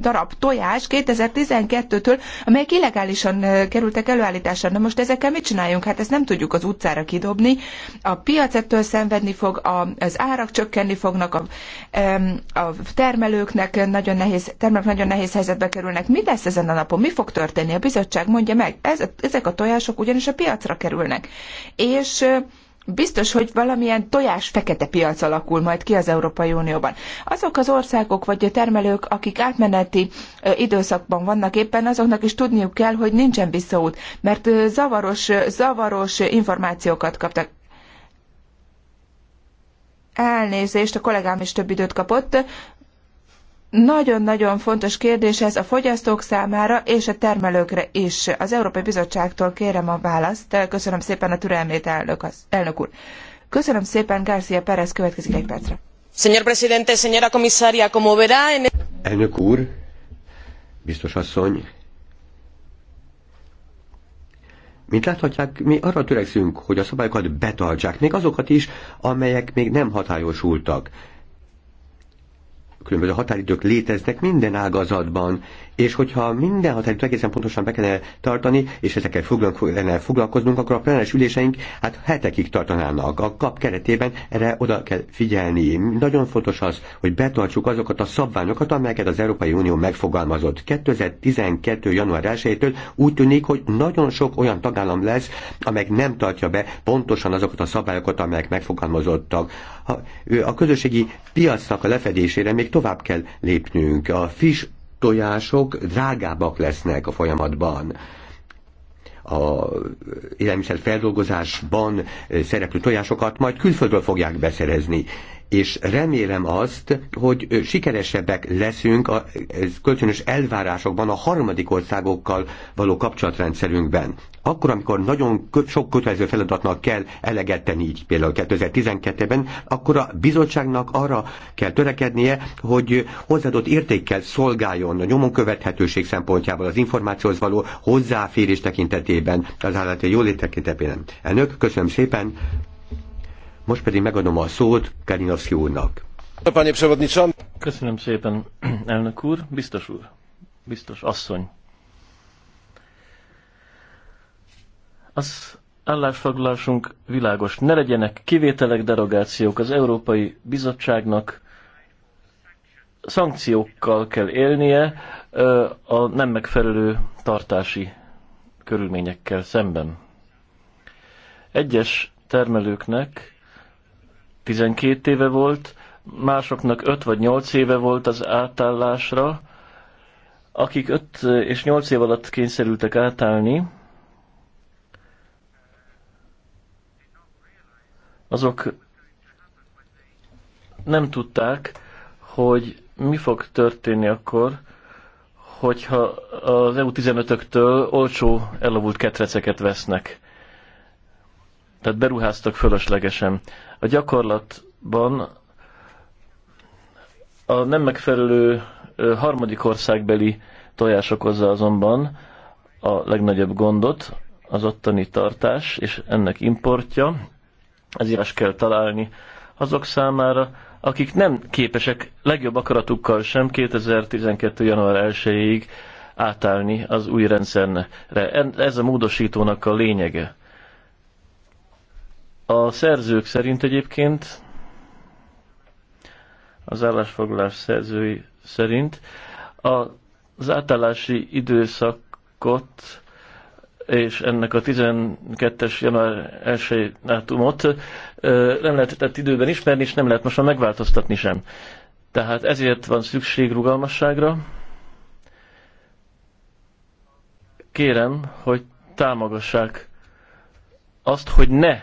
darab tojás 2012-től, amelyek illegálisan kerültek előállításra. Na most ezekkel mit csináljunk? Hát ezt nem tudjuk az utcára kidobni. A piac ettől szenvedni fog, az árak csökkenni fognak, a, a termelőknek nagyon nehéz, termelők nagyon nehéz helyzetbe kerülnek. Mi lesz ezen a napon? Mi fog történni? A bizottság mondja meg. Ez, ezek a tojások ugyanis a piacra kerülnek. És biztos, hogy valamilyen tojás fekete piac alakul majd ki az Európai Unióban. Azok az országok vagy a termelők, akik átmeneti időszakban vannak éppen, azoknak is tudniuk kell, hogy nincsen visszaút, mert zavaros, zavaros információkat kaptak. Elnézést, a kollégám is több időt kapott nagyon-nagyon fontos kérdés ez a fogyasztók számára és a termelőkre is. Az Európai Bizottságtól kérem a választ. Köszönöm szépen a türelmét, elnök, elnök úr. Köszönöm szépen, García Pérez, következik egy percre. Señor presidente, señora comisaria, como verá... En... Elnök úr, biztos asszony, Mint láthatják, mi arra törekszünk, hogy a szabályokat betartsák, még azokat is, amelyek még nem hatályosultak különböző határidők léteznek minden ágazatban, és hogyha minden határidőt egészen pontosan be kellene tartani, és ezekkel kellene foglalkoznunk, akkor a plenáris üléseink hát hetekig tartanának. A kap keretében erre oda kell figyelni. Nagyon fontos az, hogy betartsuk azokat a szabványokat, amelyeket az Európai Unió megfogalmazott. 2012. január 1-től úgy tűnik, hogy nagyon sok olyan tagállam lesz, amely nem tartja be pontosan azokat a szabályokat, amelyek megfogalmazottak. A közösségi piacnak a lefedésére még tovább kell lépnünk. A fish tojások drágábbak lesznek a folyamatban a élelmiszer feldolgozásban szereplő tojásokat majd külföldről fogják beszerezni és remélem azt, hogy sikeresebbek leszünk a kölcsönös elvárásokban a harmadik országokkal való kapcsolatrendszerünkben. Akkor, amikor nagyon sok kötelező feladatnak kell eleget tenni, így például 2012-ben, akkor a bizottságnak arra kell törekednie, hogy hozzáadott értékkel szolgáljon a nyomon követhetőség szempontjából az információhoz való hozzáférés tekintetében, az állati jólét tekintetében. Elnök, köszönöm szépen! Most pedig megadom a szót Kalinowski úrnak. Köszönöm szépen, elnök úr, biztos úr, biztos asszony. Az állásfoglalásunk világos. Ne legyenek kivételek, derogációk az Európai Bizottságnak, szankciókkal kell élnie a nem megfelelő tartási körülményekkel szemben. Egyes termelőknek 12 éve volt, másoknak 5 vagy 8 éve volt az átállásra. Akik 5 és 8 év alatt kényszerültek átállni, azok nem tudták, hogy mi fog történni akkor, hogyha az EU-15-öktől olcsó elavult ketreceket vesznek. Tehát beruháztak fölöslegesen. A gyakorlatban a nem megfelelő harmadik országbeli tojás okozza azonban a legnagyobb gondot, az ottani tartás és ennek importja. Ezért is kell találni azok számára, akik nem képesek legjobb akaratukkal sem 2012. január 1-ig átállni az új rendszerre. Ez a módosítónak a lényege. A szerzők szerint egyébként, az állásfoglalás szerzői szerint, az átállási időszakot és ennek a 12-es január 1 dátumot nem lehetett időben ismerni, és nem lehet most már megváltoztatni sem. Tehát ezért van szükség rugalmasságra. Kérem, hogy támogassák azt, hogy ne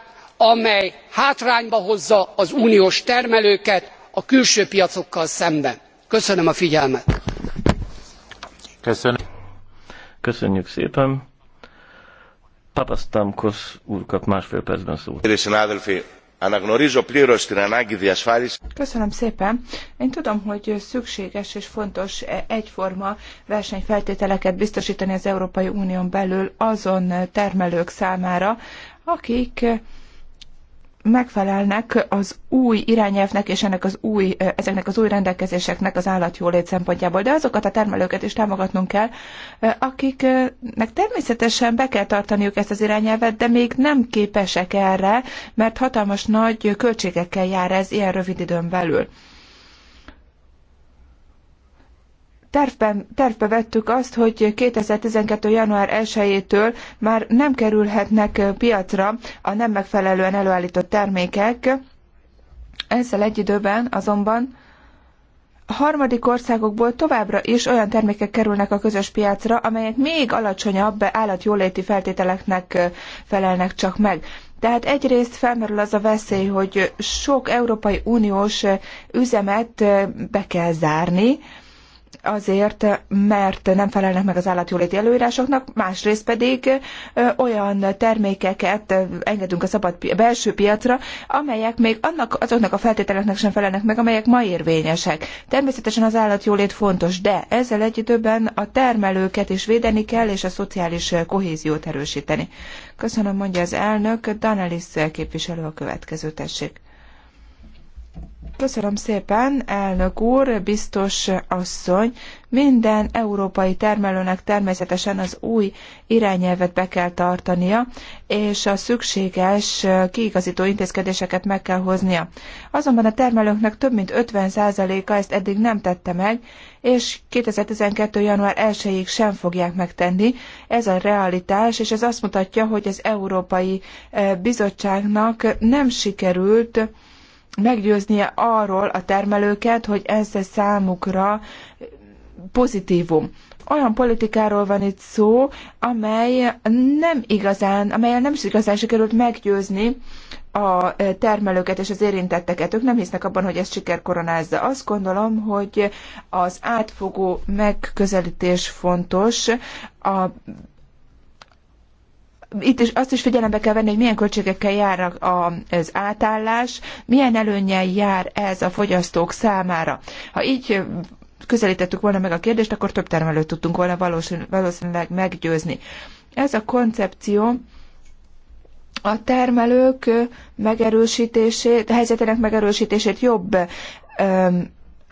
amely hátrányba hozza az uniós termelőket a külső piacokkal szemben. köszönöm a figyelmet. köszönjük szépen. Papasztamkos úr kap másfél percben szót. Köszönöm szépen. Én tudom, hogy szükséges és fontos e- egyforma versenyfeltételeket biztosítani az Európai Unión belül azon termelők számára, akik megfelelnek az új irányelvnek és ennek az új, ezeknek az új rendelkezéseknek az állatjólét szempontjából. De azokat a termelőket is támogatnunk kell, akiknek természetesen be kell tartaniuk ezt az irányelvet, de még nem képesek erre, mert hatalmas nagy költségekkel jár ez ilyen rövid időn belül. tervben, tervbe vettük azt, hogy 2012. január 1-től már nem kerülhetnek piacra a nem megfelelően előállított termékek. Ezzel egy időben azonban a harmadik országokból továbbra is olyan termékek kerülnek a közös piacra, amelyek még alacsonyabb állatjóléti feltételeknek felelnek csak meg. Tehát egyrészt felmerül az a veszély, hogy sok Európai Uniós üzemet be kell zárni, azért, mert nem felelnek meg az állatjóléti előírásoknak, másrészt pedig olyan termékeket engedünk a szabad belső piacra, amelyek még annak, azoknak a feltételeknek sem felelnek meg, amelyek ma érvényesek. Természetesen az állatjólét fontos, de ezzel egy időben a termelőket is védeni kell, és a szociális kohéziót erősíteni. Köszönöm, mondja az elnök. Danelis képviselő a következő, tessék. Köszönöm szépen, elnök úr, biztos asszony. Minden európai termelőnek természetesen az új irányelvet be kell tartania, és a szükséges kiigazító intézkedéseket meg kell hoznia. Azonban a termelőknek több mint 50%-a ezt eddig nem tette meg, és 2012. január 1-ig sem fogják megtenni. Ez a realitás, és ez azt mutatja, hogy az Európai Bizottságnak nem sikerült meggyőznie arról a termelőket, hogy ez számukra pozitívum. Olyan politikáról van itt szó, amely nem igazán, amelyel nem is igazán sikerült meggyőzni a termelőket és az érintetteket. Ők nem hisznek abban, hogy ez koronázza. Azt gondolom, hogy az átfogó megközelítés fontos. A itt is azt is figyelembe kell venni, hogy milyen költségekkel jár az átállás, milyen előnyel jár ez a fogyasztók számára. Ha így közelítettük volna meg a kérdést, akkor több termelőt tudtunk volna valószínűleg meggyőzni. Ez a koncepció a termelők megerősítését, a helyzetének megerősítését jobb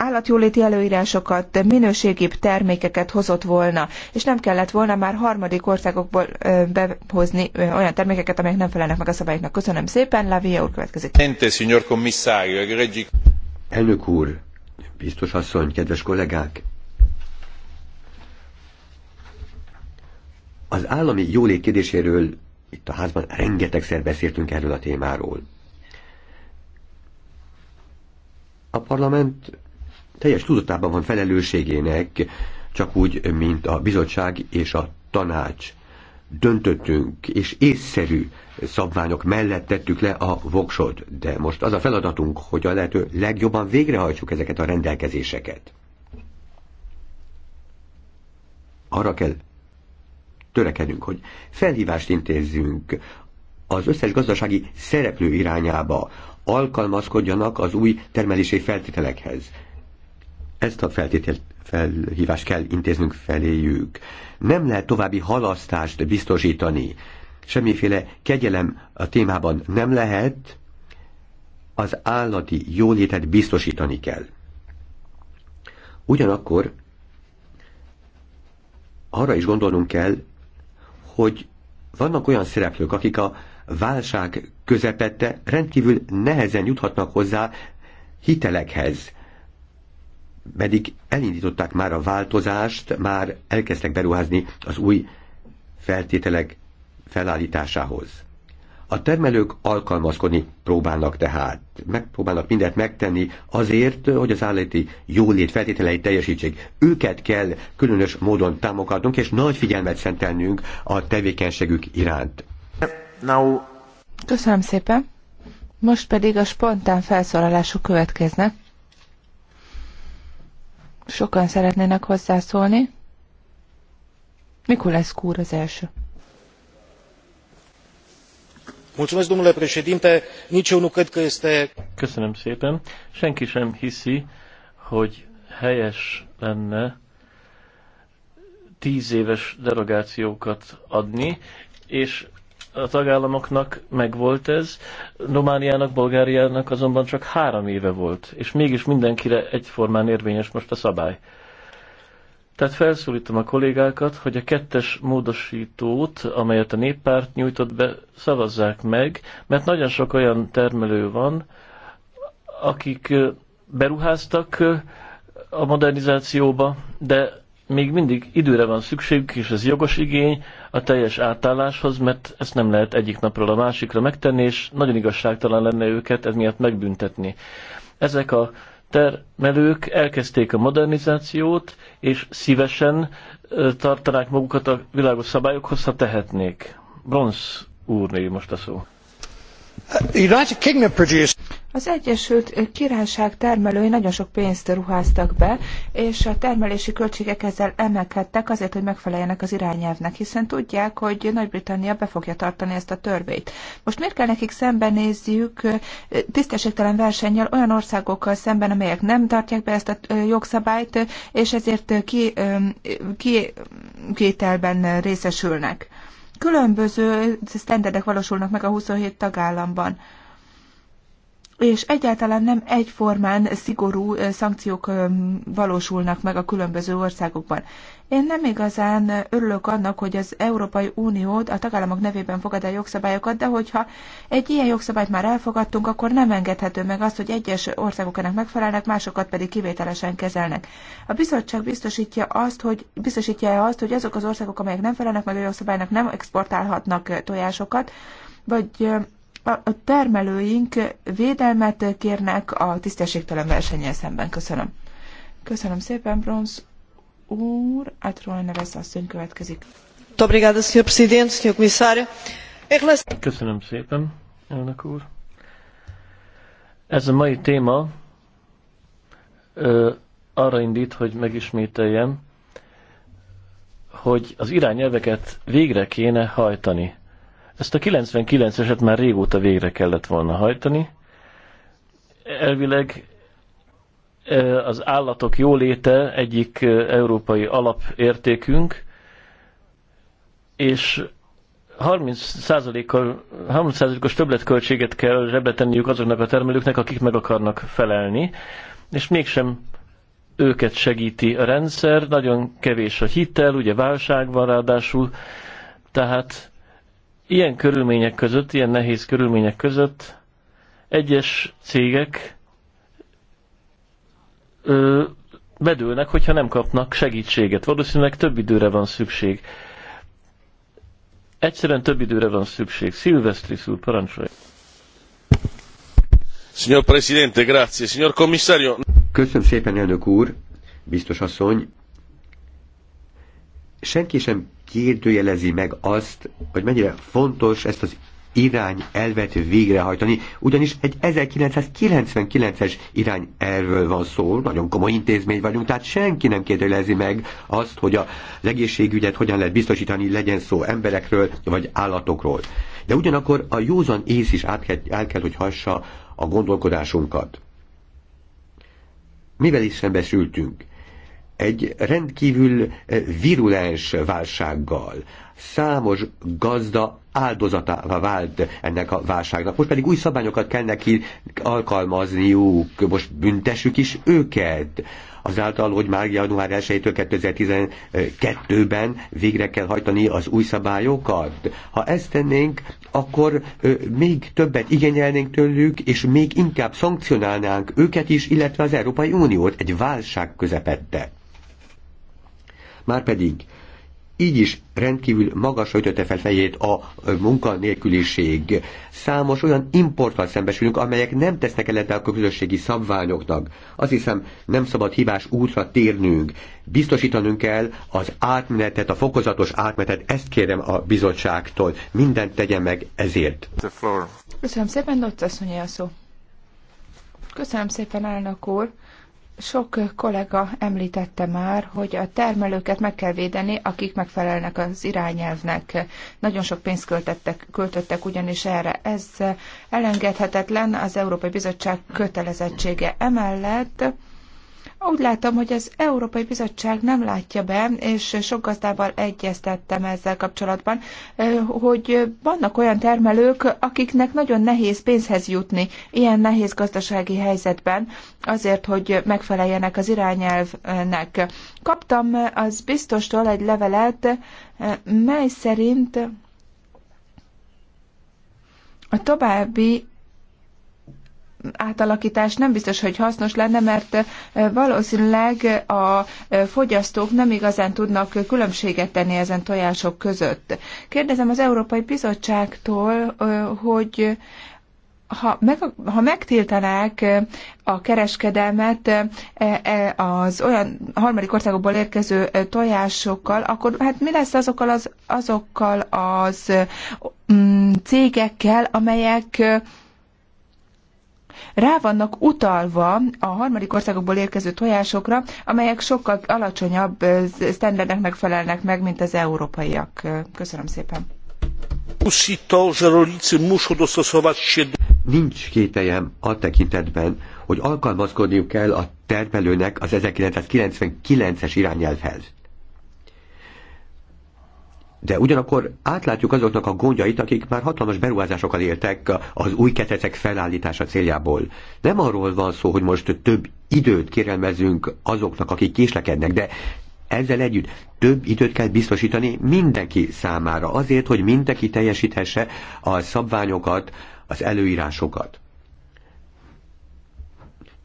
állatjóléti előírásokat, minőségibb termékeket hozott volna, és nem kellett volna már harmadik országokból behozni olyan termékeket, amelyek nem felelnek meg a szabályoknak. Köszönöm szépen, Lavia úr következik. Elnök úr, biztos asszony, kedves kollégák! Az állami jólét kérdéséről itt a házban rengetegszer beszéltünk erről a témáról. A parlament teljes tudatában van felelősségének, csak úgy, mint a bizottság és a tanács. Döntöttünk, és észszerű szabványok mellett tettük le a voksot, de most az a feladatunk, hogy a lehető legjobban végrehajtsuk ezeket a rendelkezéseket. Arra kell törekedünk, hogy felhívást intézzünk az összes gazdasági szereplő irányába, alkalmazkodjanak az új termelési feltételekhez ezt a feltételt felhívást kell intéznünk feléjük. Nem lehet további halasztást biztosítani. Semmiféle kegyelem a témában nem lehet, az állati jólétet biztosítani kell. Ugyanakkor arra is gondolnunk kell, hogy vannak olyan szereplők, akik a válság közepette rendkívül nehezen juthatnak hozzá hitelekhez pedig elindították már a változást, már elkezdtek beruházni az új feltételek felállításához. A termelők alkalmazkodni próbálnak tehát, megpróbálnak mindent megtenni azért, hogy az állati jólét feltételeit teljesítsék. Őket kell különös módon támogatnunk, és nagy figyelmet szentelnünk a tevékenységük iránt. Now. Köszönöm szépen. Most pedig a spontán felszólalások következnek. Sokan szeretnének hozzászólni. Mikor lesz kúr az első? domnule președinte nici eu nu cred că este. Köszönöm szépen. Senki sem hiszi, hogy helyes lenne tíz éves derogációkat adni, és a tagállamoknak megvolt ez, Romániának, Bulgáriának azonban csak három éve volt, és mégis mindenkire egyformán érvényes most a szabály. Tehát felszólítom a kollégákat, hogy a kettes módosítót, amelyet a néppárt nyújtott be, szavazzák meg, mert nagyon sok olyan termelő van, akik beruháztak a modernizációba, de még mindig időre van szükségük, és ez jogos igény a teljes átálláshoz, mert ezt nem lehet egyik napról a másikra megtenni, és nagyon igazságtalan lenne őket ez miatt megbüntetni. Ezek a termelők elkezdték a modernizációt, és szívesen tartanák magukat a világos szabályokhoz, ha tehetnék. Bronz úrné most a szó. United Kingdom produced az Egyesült Királyság termelői nagyon sok pénzt ruháztak be, és a termelési költségek ezzel emelkedtek azért, hogy megfeleljenek az irányelvnek, hiszen tudják, hogy Nagy-Britannia be fogja tartani ezt a törvényt. Most miért kell nekik szembenézniük tisztességtelen versennyel olyan országokkal szemben, amelyek nem tartják be ezt a jogszabályt, és ezért ki, ki, kételben részesülnek? Különböző sztenderdek valósulnak meg a 27 tagállamban és egyáltalán nem egyformán szigorú szankciók valósulnak meg a különböző országokban. Én nem igazán örülök annak, hogy az Európai Unió a tagállamok nevében fogad el jogszabályokat, de hogyha egy ilyen jogszabályt már elfogadtunk, akkor nem engedhető meg azt, hogy egyes országok ennek megfelelnek, másokat pedig kivételesen kezelnek. A bizottság biztosítja azt, hogy, biztosítja azt, hogy azok az országok, amelyek nem felelnek meg a jogszabálynak, nem exportálhatnak tojásokat, vagy a termelőink védelmet kérnek a tisztességtelen versennyel szemben. Köszönöm. Köszönöm szépen, Bronz úr. Átról nevez asszony következik. Köszönöm szépen, elnök úr. Ez a mai téma ö, arra indít, hogy megismételjem, hogy az irányelveket végre kéne hajtani. Ezt a 99-eset már régóta végre kellett volna hajtani. Elvileg e, az állatok jóléte egyik e, európai alapértékünk, és 30%-os 30 többletköltséget kell zsebletenniük azoknak a termelőknek, akik meg akarnak felelni, és mégsem őket segíti a rendszer, nagyon kevés a hitel, ugye válság van ráadásul, tehát Ilyen körülmények között, ilyen nehéz körülmények között egyes cégek ö, bedőlnek, hogyha nem kapnak segítséget. Valószínűleg több időre van szükség. Egyszerűen több időre van szükség. Szilvesztris úr, parancsolj! Signor Presidente, grazie. Signor Commissario... Köszönöm szépen, elnök úr, biztos asszony. Senki sem kérdőjelezi meg azt, hogy mennyire fontos ezt az irány elvet végrehajtani, ugyanis egy 1999-es erről van szó, nagyon komoly intézmény vagyunk, tehát senki nem kérdőjelezi meg azt, hogy az egészségügyet hogyan lehet biztosítani, legyen szó emberekről vagy állatokról. De ugyanakkor a józan ész is át kell, el kell, hogy hassa a gondolkodásunkat. Mivel is szembesültünk? egy rendkívül eh, virulens válsággal. Számos gazda áldozatává vált ennek a válságnak. Most pedig új szabályokat kell neki alkalmazniuk, most büntessük is őket. Azáltal, hogy már január 1-től 2012-ben végre kell hajtani az új szabályokat. Ha ezt tennénk, akkor még többet igényelnénk tőlük, és még inkább szankcionálnánk őket is, illetve az Európai Uniót egy válság közepette. Márpedig így is rendkívül magas ötöte fel fejét a munkanélküliség. Számos olyan importtal szembesülünk, amelyek nem tesznek ellente a közösségi szabványoknak. Azt hiszem, nem szabad hibás útra térnünk. Biztosítanunk kell az átmenetet, a fokozatos átmenetet, ezt kérem a bizottságtól. Mindent tegyen meg ezért. Köszönöm szépen, Dott asszonyé a szó. Köszönöm szépen, elnök úr. Sok kollega említette már, hogy a termelőket meg kell védeni, akik megfelelnek az irányelvnek. Nagyon sok pénzt költöttek ugyanis erre. Ez elengedhetetlen az Európai Bizottság kötelezettsége. Emellett úgy látom, hogy az Európai Bizottság nem látja be, és sok gazdával egyeztettem ezzel kapcsolatban, hogy vannak olyan termelők, akiknek nagyon nehéz pénzhez jutni ilyen nehéz gazdasági helyzetben, azért, hogy megfeleljenek az irányelvnek. Kaptam az biztostól egy levelet, mely szerint a további átalakítás nem biztos, hogy hasznos lenne, mert valószínűleg a fogyasztók nem igazán tudnak különbséget tenni ezen tojások között. Kérdezem az Európai Bizottságtól, hogy ha, meg, ha megtiltanák a kereskedelmet e, e, az olyan harmadik országokból érkező tojásokkal, akkor hát mi lesz azokkal az, azokkal az mm, cégekkel, amelyek rá vannak utalva a harmadik országokból érkező tojásokra, amelyek sokkal alacsonyabb sztenderdeknek felelnek meg, mint az európaiak. Köszönöm szépen. Nincs kételjem a tekintetben, hogy alkalmazkodniuk kell a termelőnek az 1999-es irányelvhez de ugyanakkor átlátjuk azoknak a gondjait, akik már hatalmas beruházásokkal éltek az új ketecek felállítása céljából. Nem arról van szó, hogy most több időt kérelmezünk azoknak, akik késlekednek, de ezzel együtt több időt kell biztosítani mindenki számára, azért, hogy mindenki teljesíthesse a szabványokat, az előírásokat.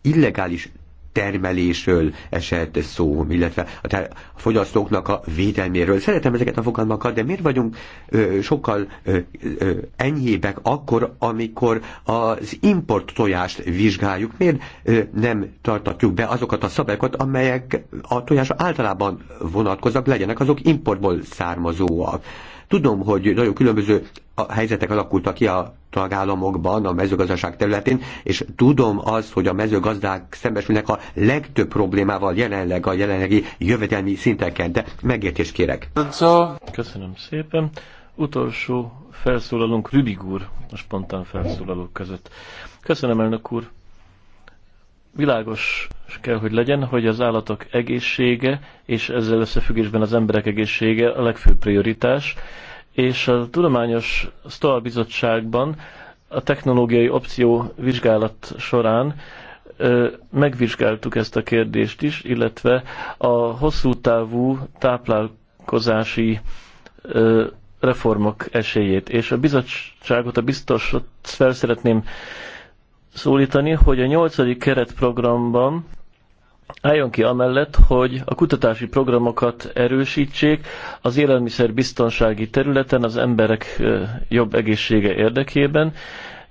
Illegális termelésről esett szó, illetve a, a fogyasztóknak a védelméről. Szeretem ezeket a fogalmakat, de miért vagyunk ö, sokkal ö, ö, enyhébbek akkor, amikor az import tojást vizsgáljuk? Miért ö, nem tartatjuk be azokat a szabályokat, amelyek a tojásra általában vonatkoznak, legyenek azok importból származóak? Tudom, hogy nagyon különböző a helyzetek alakultak ki a tagállamokban, a mezőgazdaság területén, és tudom azt, hogy a mezőgazdák szembesülnek a legtöbb problémával jelenleg a jelenlegi jövedelmi szinteken, de megértést kérek. Köszönöm szépen. Utolsó felszólalunk Rübig úr, a spontán felszólalók között. Köszönöm, elnök úr világos kell, hogy legyen, hogy az állatok egészsége, és ezzel összefüggésben az emberek egészsége a legfőbb prioritás, és a Tudományos Sztal Bizottságban a technológiai opció vizsgálat során megvizsgáltuk ezt a kérdést is, illetve a hosszú távú táplálkozási reformok esélyét. És a bizottságot, a biztosot fel szeretném szólítani, hogy a nyolcadik keretprogramban álljon ki amellett, hogy a kutatási programokat erősítsék az élelmiszerbiztonsági területen az emberek jobb egészsége érdekében.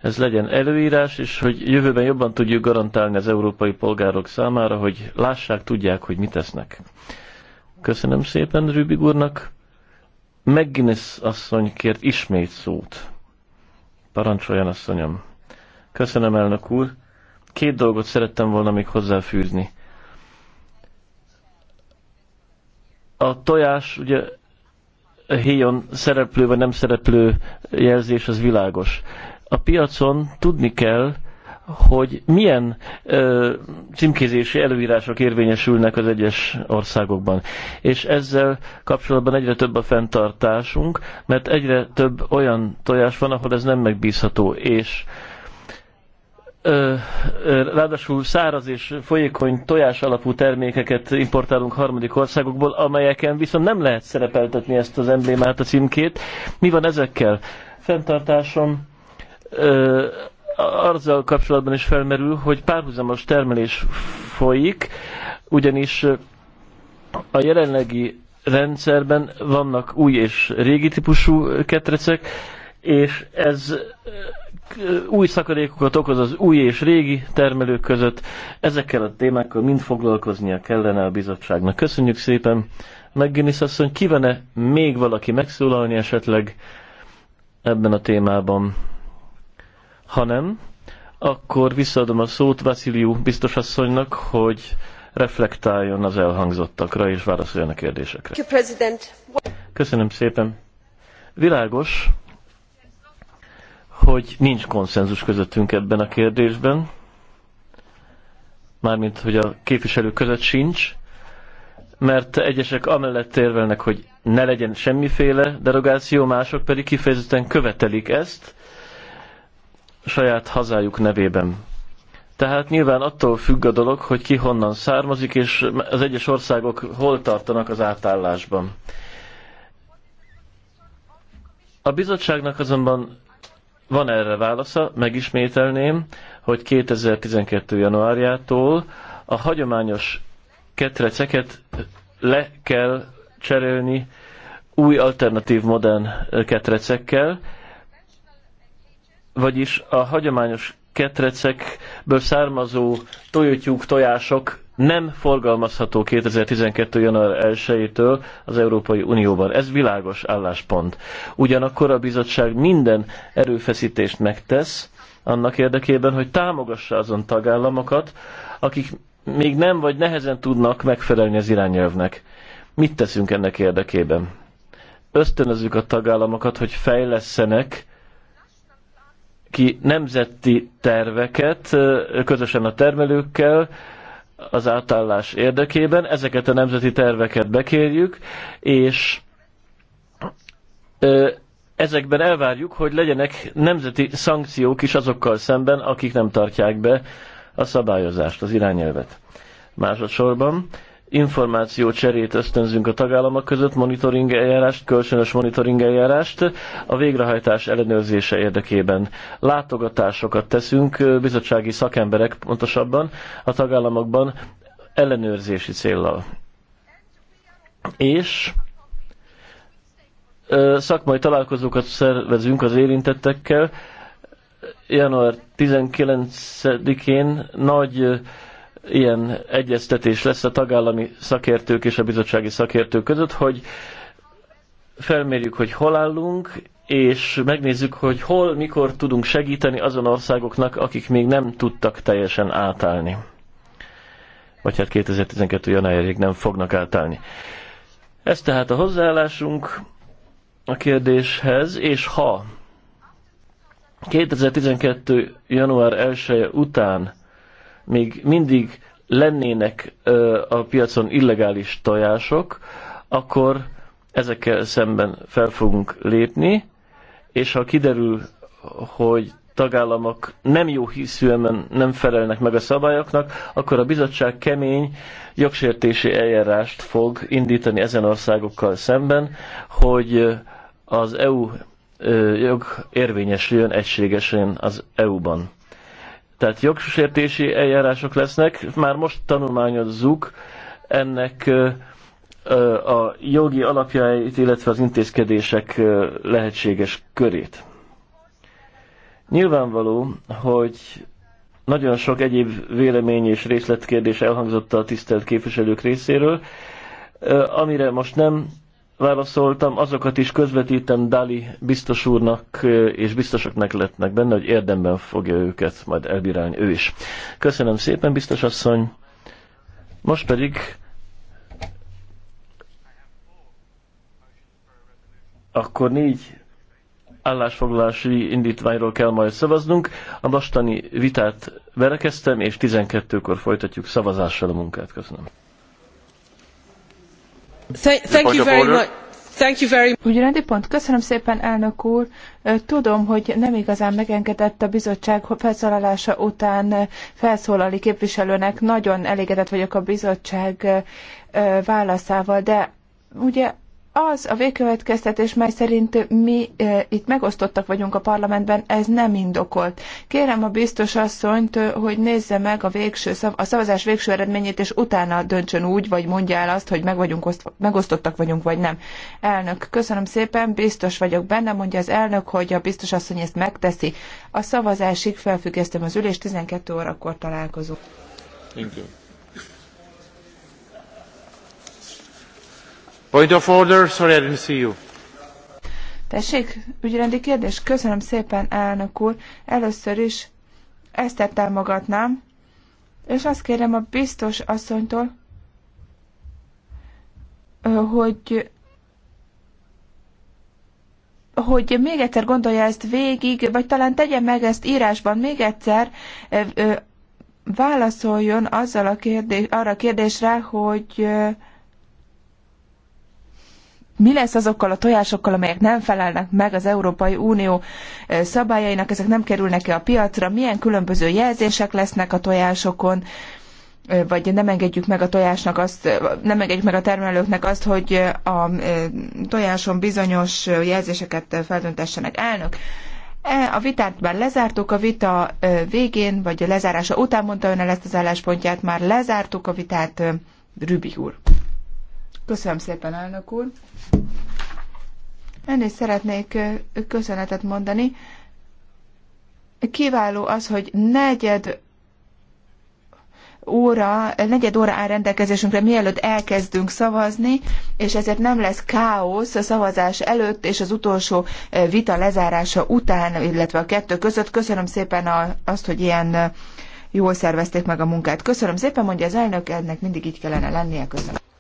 Ez legyen előírás, és hogy jövőben jobban tudjuk garantálni az európai polgárok számára, hogy lássák, tudják, hogy mit tesznek. Köszönöm szépen Rübig úrnak. McGuinness asszony kért ismét szót. Parancsoljon asszonyom! Köszönöm, elnök úr. Két dolgot szerettem volna még hozzáfűzni. A tojás, ugye a héjon szereplő vagy nem szereplő jelzés az világos. A piacon tudni kell, hogy milyen ö, címkézési előírások érvényesülnek az egyes országokban. És ezzel kapcsolatban egyre több a fenntartásunk, mert egyre több olyan tojás van, ahol ez nem megbízható, és ö, ráadásul száraz és folyékony tojás alapú termékeket importálunk harmadik országokból, amelyeken viszont nem lehet szerepeltetni ezt az emblémát, a címkét. Mi van ezekkel? Fentartásom azzal kapcsolatban is felmerül, hogy párhuzamos termelés folyik, ugyanis a jelenlegi rendszerben vannak új és régi típusú ketrecek, és ez új szakadékokat okoz az új és régi termelők között. Ezekkel a témákkal mind foglalkoznia kellene a bizottságnak. Köszönjük szépen. Megginis asszony, kivene még valaki megszólalni esetleg ebben a témában? Ha nem, akkor visszaadom a szót Vasiliu biztos asszonynak, hogy reflektáljon az elhangzottakra és válaszoljon a kérdésekre. Köszönöm szépen. Világos, hogy nincs konszenzus közöttünk ebben a kérdésben, mármint, hogy a képviselő között sincs, mert egyesek amellett érvelnek, hogy ne legyen semmiféle derogáció, mások pedig kifejezetten követelik ezt saját hazájuk nevében. Tehát nyilván attól függ a dolog, hogy ki honnan származik, és az egyes országok hol tartanak az átállásban. A bizottságnak azonban van erre válasza, megismételném, hogy 2012. januárjától a hagyományos ketreceket le kell cserélni új alternatív modern ketrecekkel, vagyis a hagyományos ketrecekből származó tojótyúk, tojások nem forgalmazható 2012. január 1-től az Európai Unióban. Ez világos álláspont. Ugyanakkor a bizottság minden erőfeszítést megtesz annak érdekében, hogy támogassa azon tagállamokat, akik még nem vagy nehezen tudnak megfelelni az irányelvnek. Mit teszünk ennek érdekében? Ösztönözzük a tagállamokat, hogy fejlesszenek ki nemzeti terveket közösen a termelőkkel, az átállás érdekében. Ezeket a nemzeti terveket bekérjük, és ezekben elvárjuk, hogy legyenek nemzeti szankciók is azokkal szemben, akik nem tartják be a szabályozást, az irányelvet. Másodszorban információ cserét ösztönzünk a tagállamok között, monitoring eljárást, kölcsönös monitoring eljárást a végrehajtás ellenőrzése érdekében. Látogatásokat teszünk, bizottsági szakemberek pontosabban a tagállamokban ellenőrzési céllal. És szakmai találkozókat szervezünk az érintettekkel. Január 19-én nagy ilyen egyeztetés lesz a tagállami szakértők és a bizottsági szakértők között, hogy felmérjük, hogy hol állunk, és megnézzük, hogy hol, mikor tudunk segíteni azon országoknak, akik még nem tudtak teljesen átállni. Vagy hát 2012. januárig nem fognak átállni. Ez tehát a hozzáállásunk a kérdéshez, és ha 2012. január 1 után még mindig lennének a piacon illegális tojások, akkor ezekkel szemben fel fogunk lépni, és ha kiderül, hogy tagállamok nem jó hiszűen nem felelnek meg a szabályoknak, akkor a bizottság kemény jogsértési eljárást fog indítani ezen országokkal szemben, hogy az EU jog érvényesüljön egységesen az EU-ban. Tehát jogsértési eljárások lesznek. Már most tanulmányozzuk ennek a jogi alapjait, illetve az intézkedések lehetséges körét. Nyilvánvaló, hogy nagyon sok egyéb vélemény és részletkérdés elhangzott a tisztelt képviselők részéről, amire most nem válaszoltam, azokat is közvetítem Dali biztos úrnak, eh, és biztosak lettnek benne, hogy érdemben fogja őket majd elbírálni ő is. Köszönöm szépen, biztos asszony. Most pedig akkor négy állásfoglalási indítványról kell majd szavaznunk. A mostani vitát berekeztem, és 12-kor folytatjuk szavazással a munkát. Köszönöm. Úgy rendi pont. Köszönöm szépen, elnök úr. Tudom, hogy nem igazán megengedett a bizottság felszólalása után felszólali képviselőnek. Nagyon elégedett vagyok a bizottság válaszával, de ugye az a végkövetkeztetés, mely szerint mi e, itt megosztottak vagyunk a parlamentben, ez nem indokolt. Kérem a biztos asszonyt, hogy nézze meg a, végső szav, a szavazás végső eredményét, és utána döntsön úgy, vagy mondja el azt, hogy meg vagyunk oszt, megosztottak vagyunk, vagy nem. Elnök, köszönöm szépen, biztos vagyok benne, mondja az elnök, hogy a biztos asszony ezt megteszi. A szavazásig felfüggesztem az ülést, 12 órakor találkozunk. Thank you. Tessék, ügyrendi kérdés? Köszönöm szépen, elnök úr. Először is ezt támogatnám, és azt kérem a biztos asszonytól, hogy hogy még egyszer gondolja ezt végig, vagy talán tegye meg ezt írásban még egyszer, válaszoljon azzal a kérdés, arra a kérdésre, hogy mi lesz azokkal a tojásokkal, amelyek nem felelnek meg az Európai Unió eh, szabályainak, ezek nem kerülnek -e a piacra, milyen különböző jelzések lesznek a tojásokon, eh, vagy nem engedjük meg a tojásnak azt, eh, nem engedjük meg a termelőknek azt, hogy a tojáson bizonyos jelzéseket feltöntessenek. Elnök, e, a vitát már lezártuk, a vita végén, vagy a lezárása után mondta ön el ezt az álláspontját, már lezártuk a vitát, Rübig úr. Köszönöm szépen, elnök úr. Ennél szeretnék köszönetet mondani. Kiváló az, hogy negyed óra, negyed óra áll rendelkezésünkre, mielőtt elkezdünk szavazni, és ezért nem lesz káosz a szavazás előtt és az utolsó vita lezárása után, illetve a kettő között. Köszönöm szépen a, azt, hogy ilyen jól szervezték meg a munkát. Köszönöm szépen, mondja az elnök, ennek mindig így kellene lennie. Köszönöm.